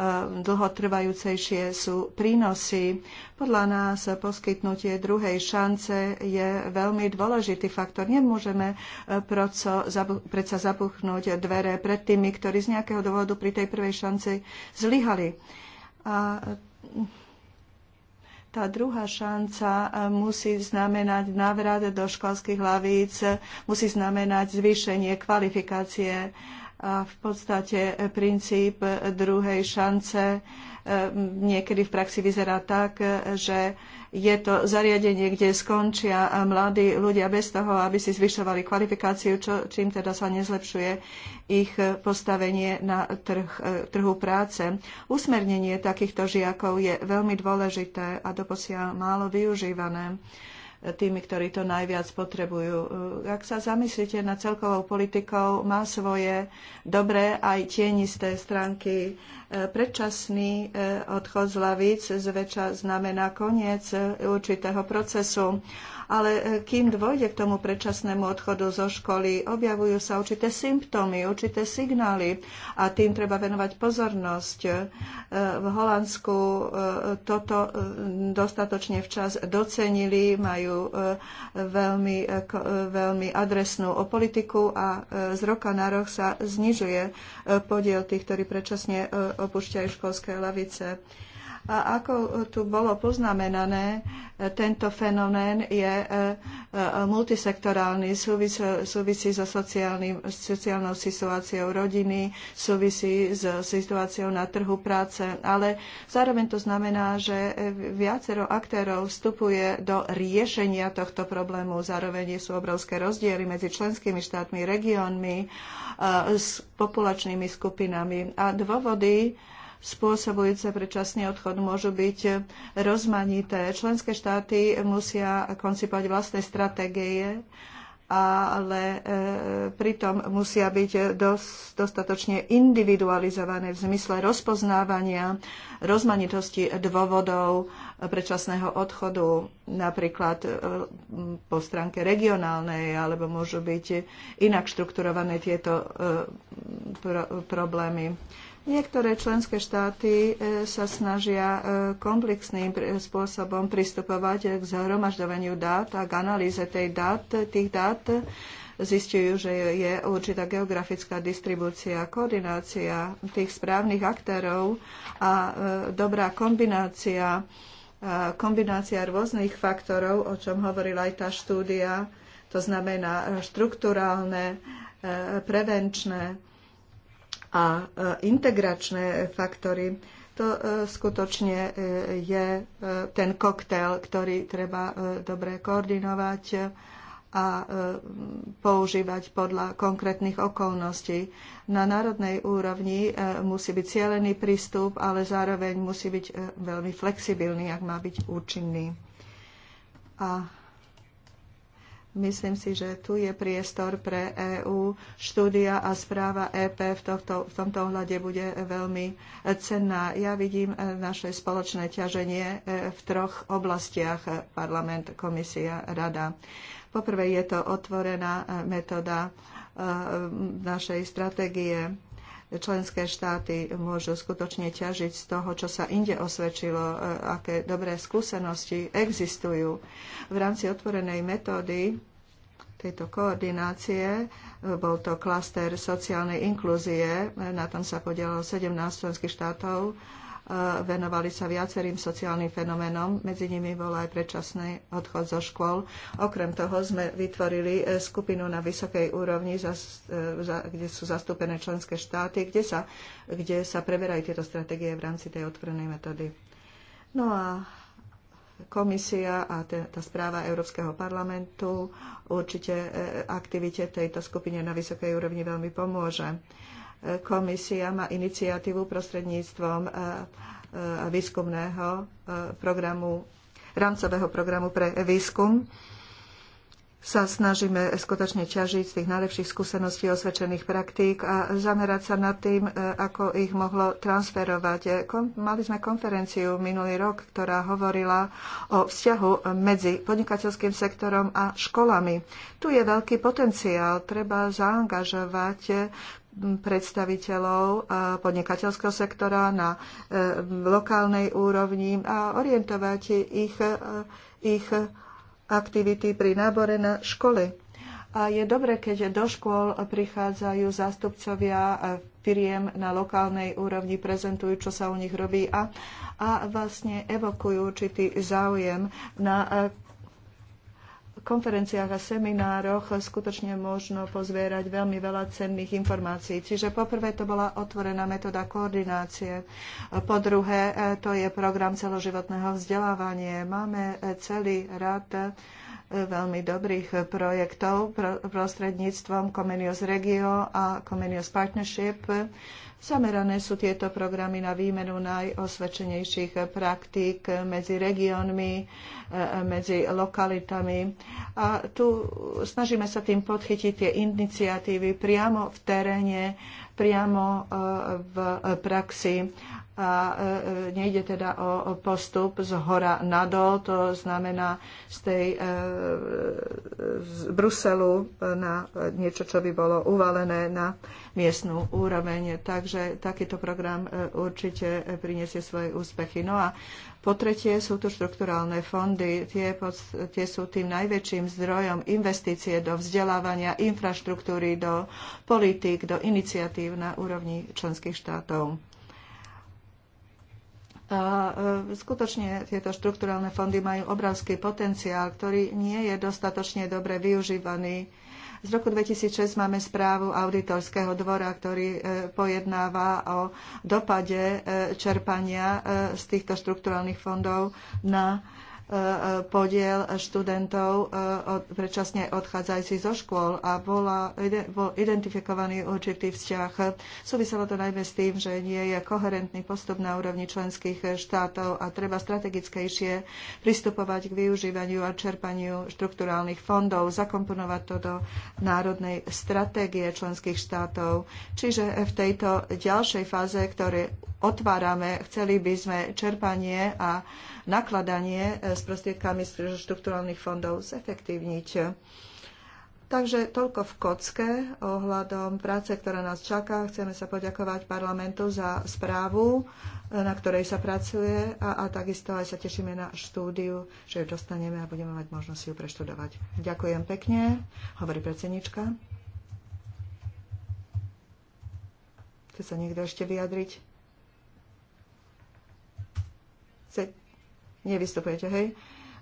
Ehm, dlhotrvajúcejšie sú prínosy. Podľa nás poskytnutie druhej šance je veľmi dôležitý faktor. Nemôžeme e, predsa zapuchnúť dvere pred tými, ktorí z nejakého dôvodu pri tej prvej šanci zlyhali. A tá druhá šanca e, musí znamenať návrat do školských lavíc, e, musí znamenať zvýšenie kvalifikácie a v podstate eh, princíp eh, druhej šance eh, niekedy v praxi vyzerá tak, že je to zariadenie, kde skončia mladí ľudia bez toho, aby si zvyšovali kvalifikáciu, čo, čím teda sa nezlepšuje ich postavenie na trh, trhu práce. Usmernenie takýchto žiakov je veľmi dôležité a doposiaľ málo využívané tými, ktorí to najviac potrebujú. E, ak sa zamyslíte na celkovou politikou, má svoje dobré aj tienisté stránky. E, predčasný e, odchod z lavíc zväčša znamená koniec určitého procesu ale e, kým dôjde k tomu predčasnému odchodu zo školy, objavujú sa určité symptómy, určité signály a tým treba venovať pozornosť. E, v Holandsku e, toto dostatočne včas docenili, majú veľmi, veľmi adresnú politiku a z roka na rok sa znižuje podiel tých, ktorí predčasne opúšťajú školské lavice. A ako tu bolo poznamenané, tento fenomén je e, e, multisektorálny, súvisí so sociálnym, sociálnou situáciou rodiny, súvisí s situáciou na trhu práce, ale zároveň to znamená, že viacero aktérov vstupuje do riešenia tohto problému. Zároveň sú obrovské rozdiely medzi členskými štátmi, regiónmi, e, s populačnými skupinami. A dôvody, spôsobujúce predčasný odchod môžu byť rozmanité. Členské štáty musia koncipovať vlastné stratégie, ale e, pritom musia byť dosť dostatočne individualizované v zmysle rozpoznávania rozmanitosti dôvodov predčasného odchodu, napríklad e, po stránke regionálnej, alebo môžu byť inak štrukturované tieto e, problémy Niektoré členské štáty e, sa snažia e, komplexným spôsobom pristupovať k zhromažďovaniu dát a k analýze tej dát, tých dát. Zistujú, že je určitá geografická distribúcia, koordinácia tých správnych aktérov a e, dobrá kombinácia, kombinácia rôznych faktorov, o čom hovorila aj tá štúdia, to znamená štruktúrálne, prevenčné a e, integračné faktory. To e, skutočne e, je ten koktail, ktorý treba dobre koordinovať a používať podľa konkrétnych okolností. Na národnej úrovni musí byť cielený prístup, ale zároveň musí byť veľmi flexibilný, ak má byť účinný. A Myslím si, že tu je priestor pre EÚ. Štúdia a správa EP v, tohto, v tomto ohľade bude veľmi cenná. Ja vidím eh, naše spoločné ťaženie eh, v troch oblastiach eh, parlament, komisia, rada. Poprvé je to otvorená metóda našej stratégie členské štáty môžu skutočne ťažiť z toho, čo sa inde osvedčilo, e, aké dobré skúsenosti existujú. V rámci otvorenej metódy tejto koordinácie. E, bol to klaster sociálnej inklúzie, e, na tom sa podielalo 17 členských štátov venovali sa viacerým sociálnym fenoménom, medzi nimi bol aj predčasný odchod zo škôl. Okrem toho sme vytvorili e, skupinu na vysokej úrovni, e, kde sú zastúpené členské štáty, kde sa, kde sa preberajú tieto stratégie v rámci tej otvorenej metódy. No a komisia a tá správa Európskeho parlamentu určite e, aktivite tejto skupine na vysokej úrovni veľmi pomôže komisia má iniciatívu prostredníctvom e, e, výskumného e, programu, rámcového programu pre výskum sa snažíme skutočne ťažiť z tých najlepších skúseností osvedčených praktík a zamerať sa nad tým, e, ako ich mohlo transferovať. E, mali sme konferenciu minulý rok, ktorá hovorila o vzťahu medzi podnikateľským sektorom a školami. Tu je veľký potenciál. Treba zaangažovať e, predstaviteľov podnikateľského sektora na lokálnej úrovni a orientovať ich, ich aktivity pri nábore na škole. A je dobre, keď do škôl prichádzajú zástupcovia e, firiem na lokálnej úrovni, prezentujú, čo sa u nich robí a, a vlastne evokujú určitý záujem na e, konferenciách a seminároch skutočne možno pozvierať veľmi veľa cenných informácií. Čiže poprvé to bola otvorená metóda koordinácie. Po druhé, e, to je program celoživotného vzdelávania. Máme e, celý rad e, veľmi dobrých projektov prostredníctvom Comenius Regio a Comenius Partnership Zamerané sú tieto programy na výmenu najosvedčenejších praktík medzi regiónmi, e, medzi lokalitami. A tu snažíme sa tým podchytiť tie iniciatívy priamo v teréne, priamo e, v praxi a e, e, nejde teda o postup z hora nadol, to znamená z tej e, z Bruselu na niečo, čo by bolo uvalené na miestnú úroveň. Takže takýto program určite priniesie svoje úspechy. No a po tretie sú tu štrukturálne fondy. Tie, tie sú tým najväčším zdrojom investície do vzdelávania, infraštruktúry, do politik, do iniciatív na úrovni členských štátov. A e, skutočne tieto štrukturálne fondy majú obrovský potenciál, ktorý nie je dostatočne dobre využívaný. Z roku 2006 máme správu auditorského dvora, ktorý e, pojednáva o dopade e, čerpania z týchto štrukturálnych fondov na E, podiel študentov e, predčasne odchádzajúcich zo škôl a bola, bol identifikovaný určitý vzťah. Súviselo to najmä s tým, že nie je koherentný postup na úrovni členských štátov a treba strategickejšie pristupovať k využívaniu a čerpaniu štrukturálnych fondov, zakomponovať to do národnej stratégie členských štátov. Čiže v tejto ďalšej fáze, ktoré otvárame, chceli by sme čerpanie a nakladanie s prostriedkami z fondov zefektívniť. Takže toľko v kocke ohľadom práce, ktorá nás čaká. Chceme sa poďakovať parlamentu za správu, na ktorej sa pracuje a, a takisto aj sa tešíme na štúdiu, že ju dostaneme a budeme mať možnosť ju preštudovať. Ďakujem pekne, hovorí predsednička. Chce sa niekto ešte vyjadriť? Chce Nevystupujete, hej?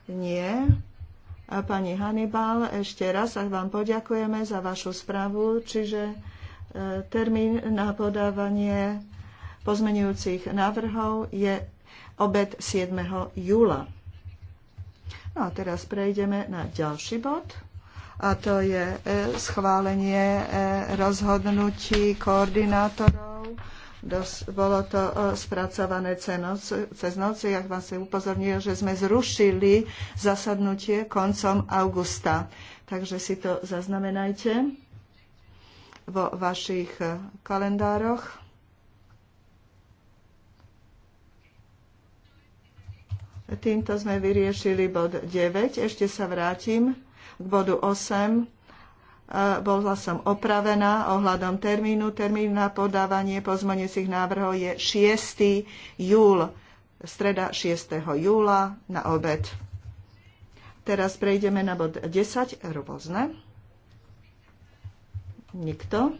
Nie. Pani Hannibal, ešte raz vám poďakujeme za vašu správu, čiže e, termín na podávanie pozmenujúcich návrhov je obed 7. júla. No a teraz prejdeme na ďalší bod a to je e, schválenie e, rozhodnutí koordinátorov Dos, bolo to e, spracované cenoc, cez noc. Ja vás upozorňujem, že sme zrušili zasadnutie koncom augusta. Takže si to zaznamenajte vo vašich e, kalendároch. Týmto sme vyriešili bod 9. Ešte sa vrátim k bodu 8 bola som opravená ohľadom termínu. Termín na podávanie pozmeniacich návrhov je 6. júl, streda 6. júla na obed. Teraz prejdeme na bod 10, rôzne. Nikto.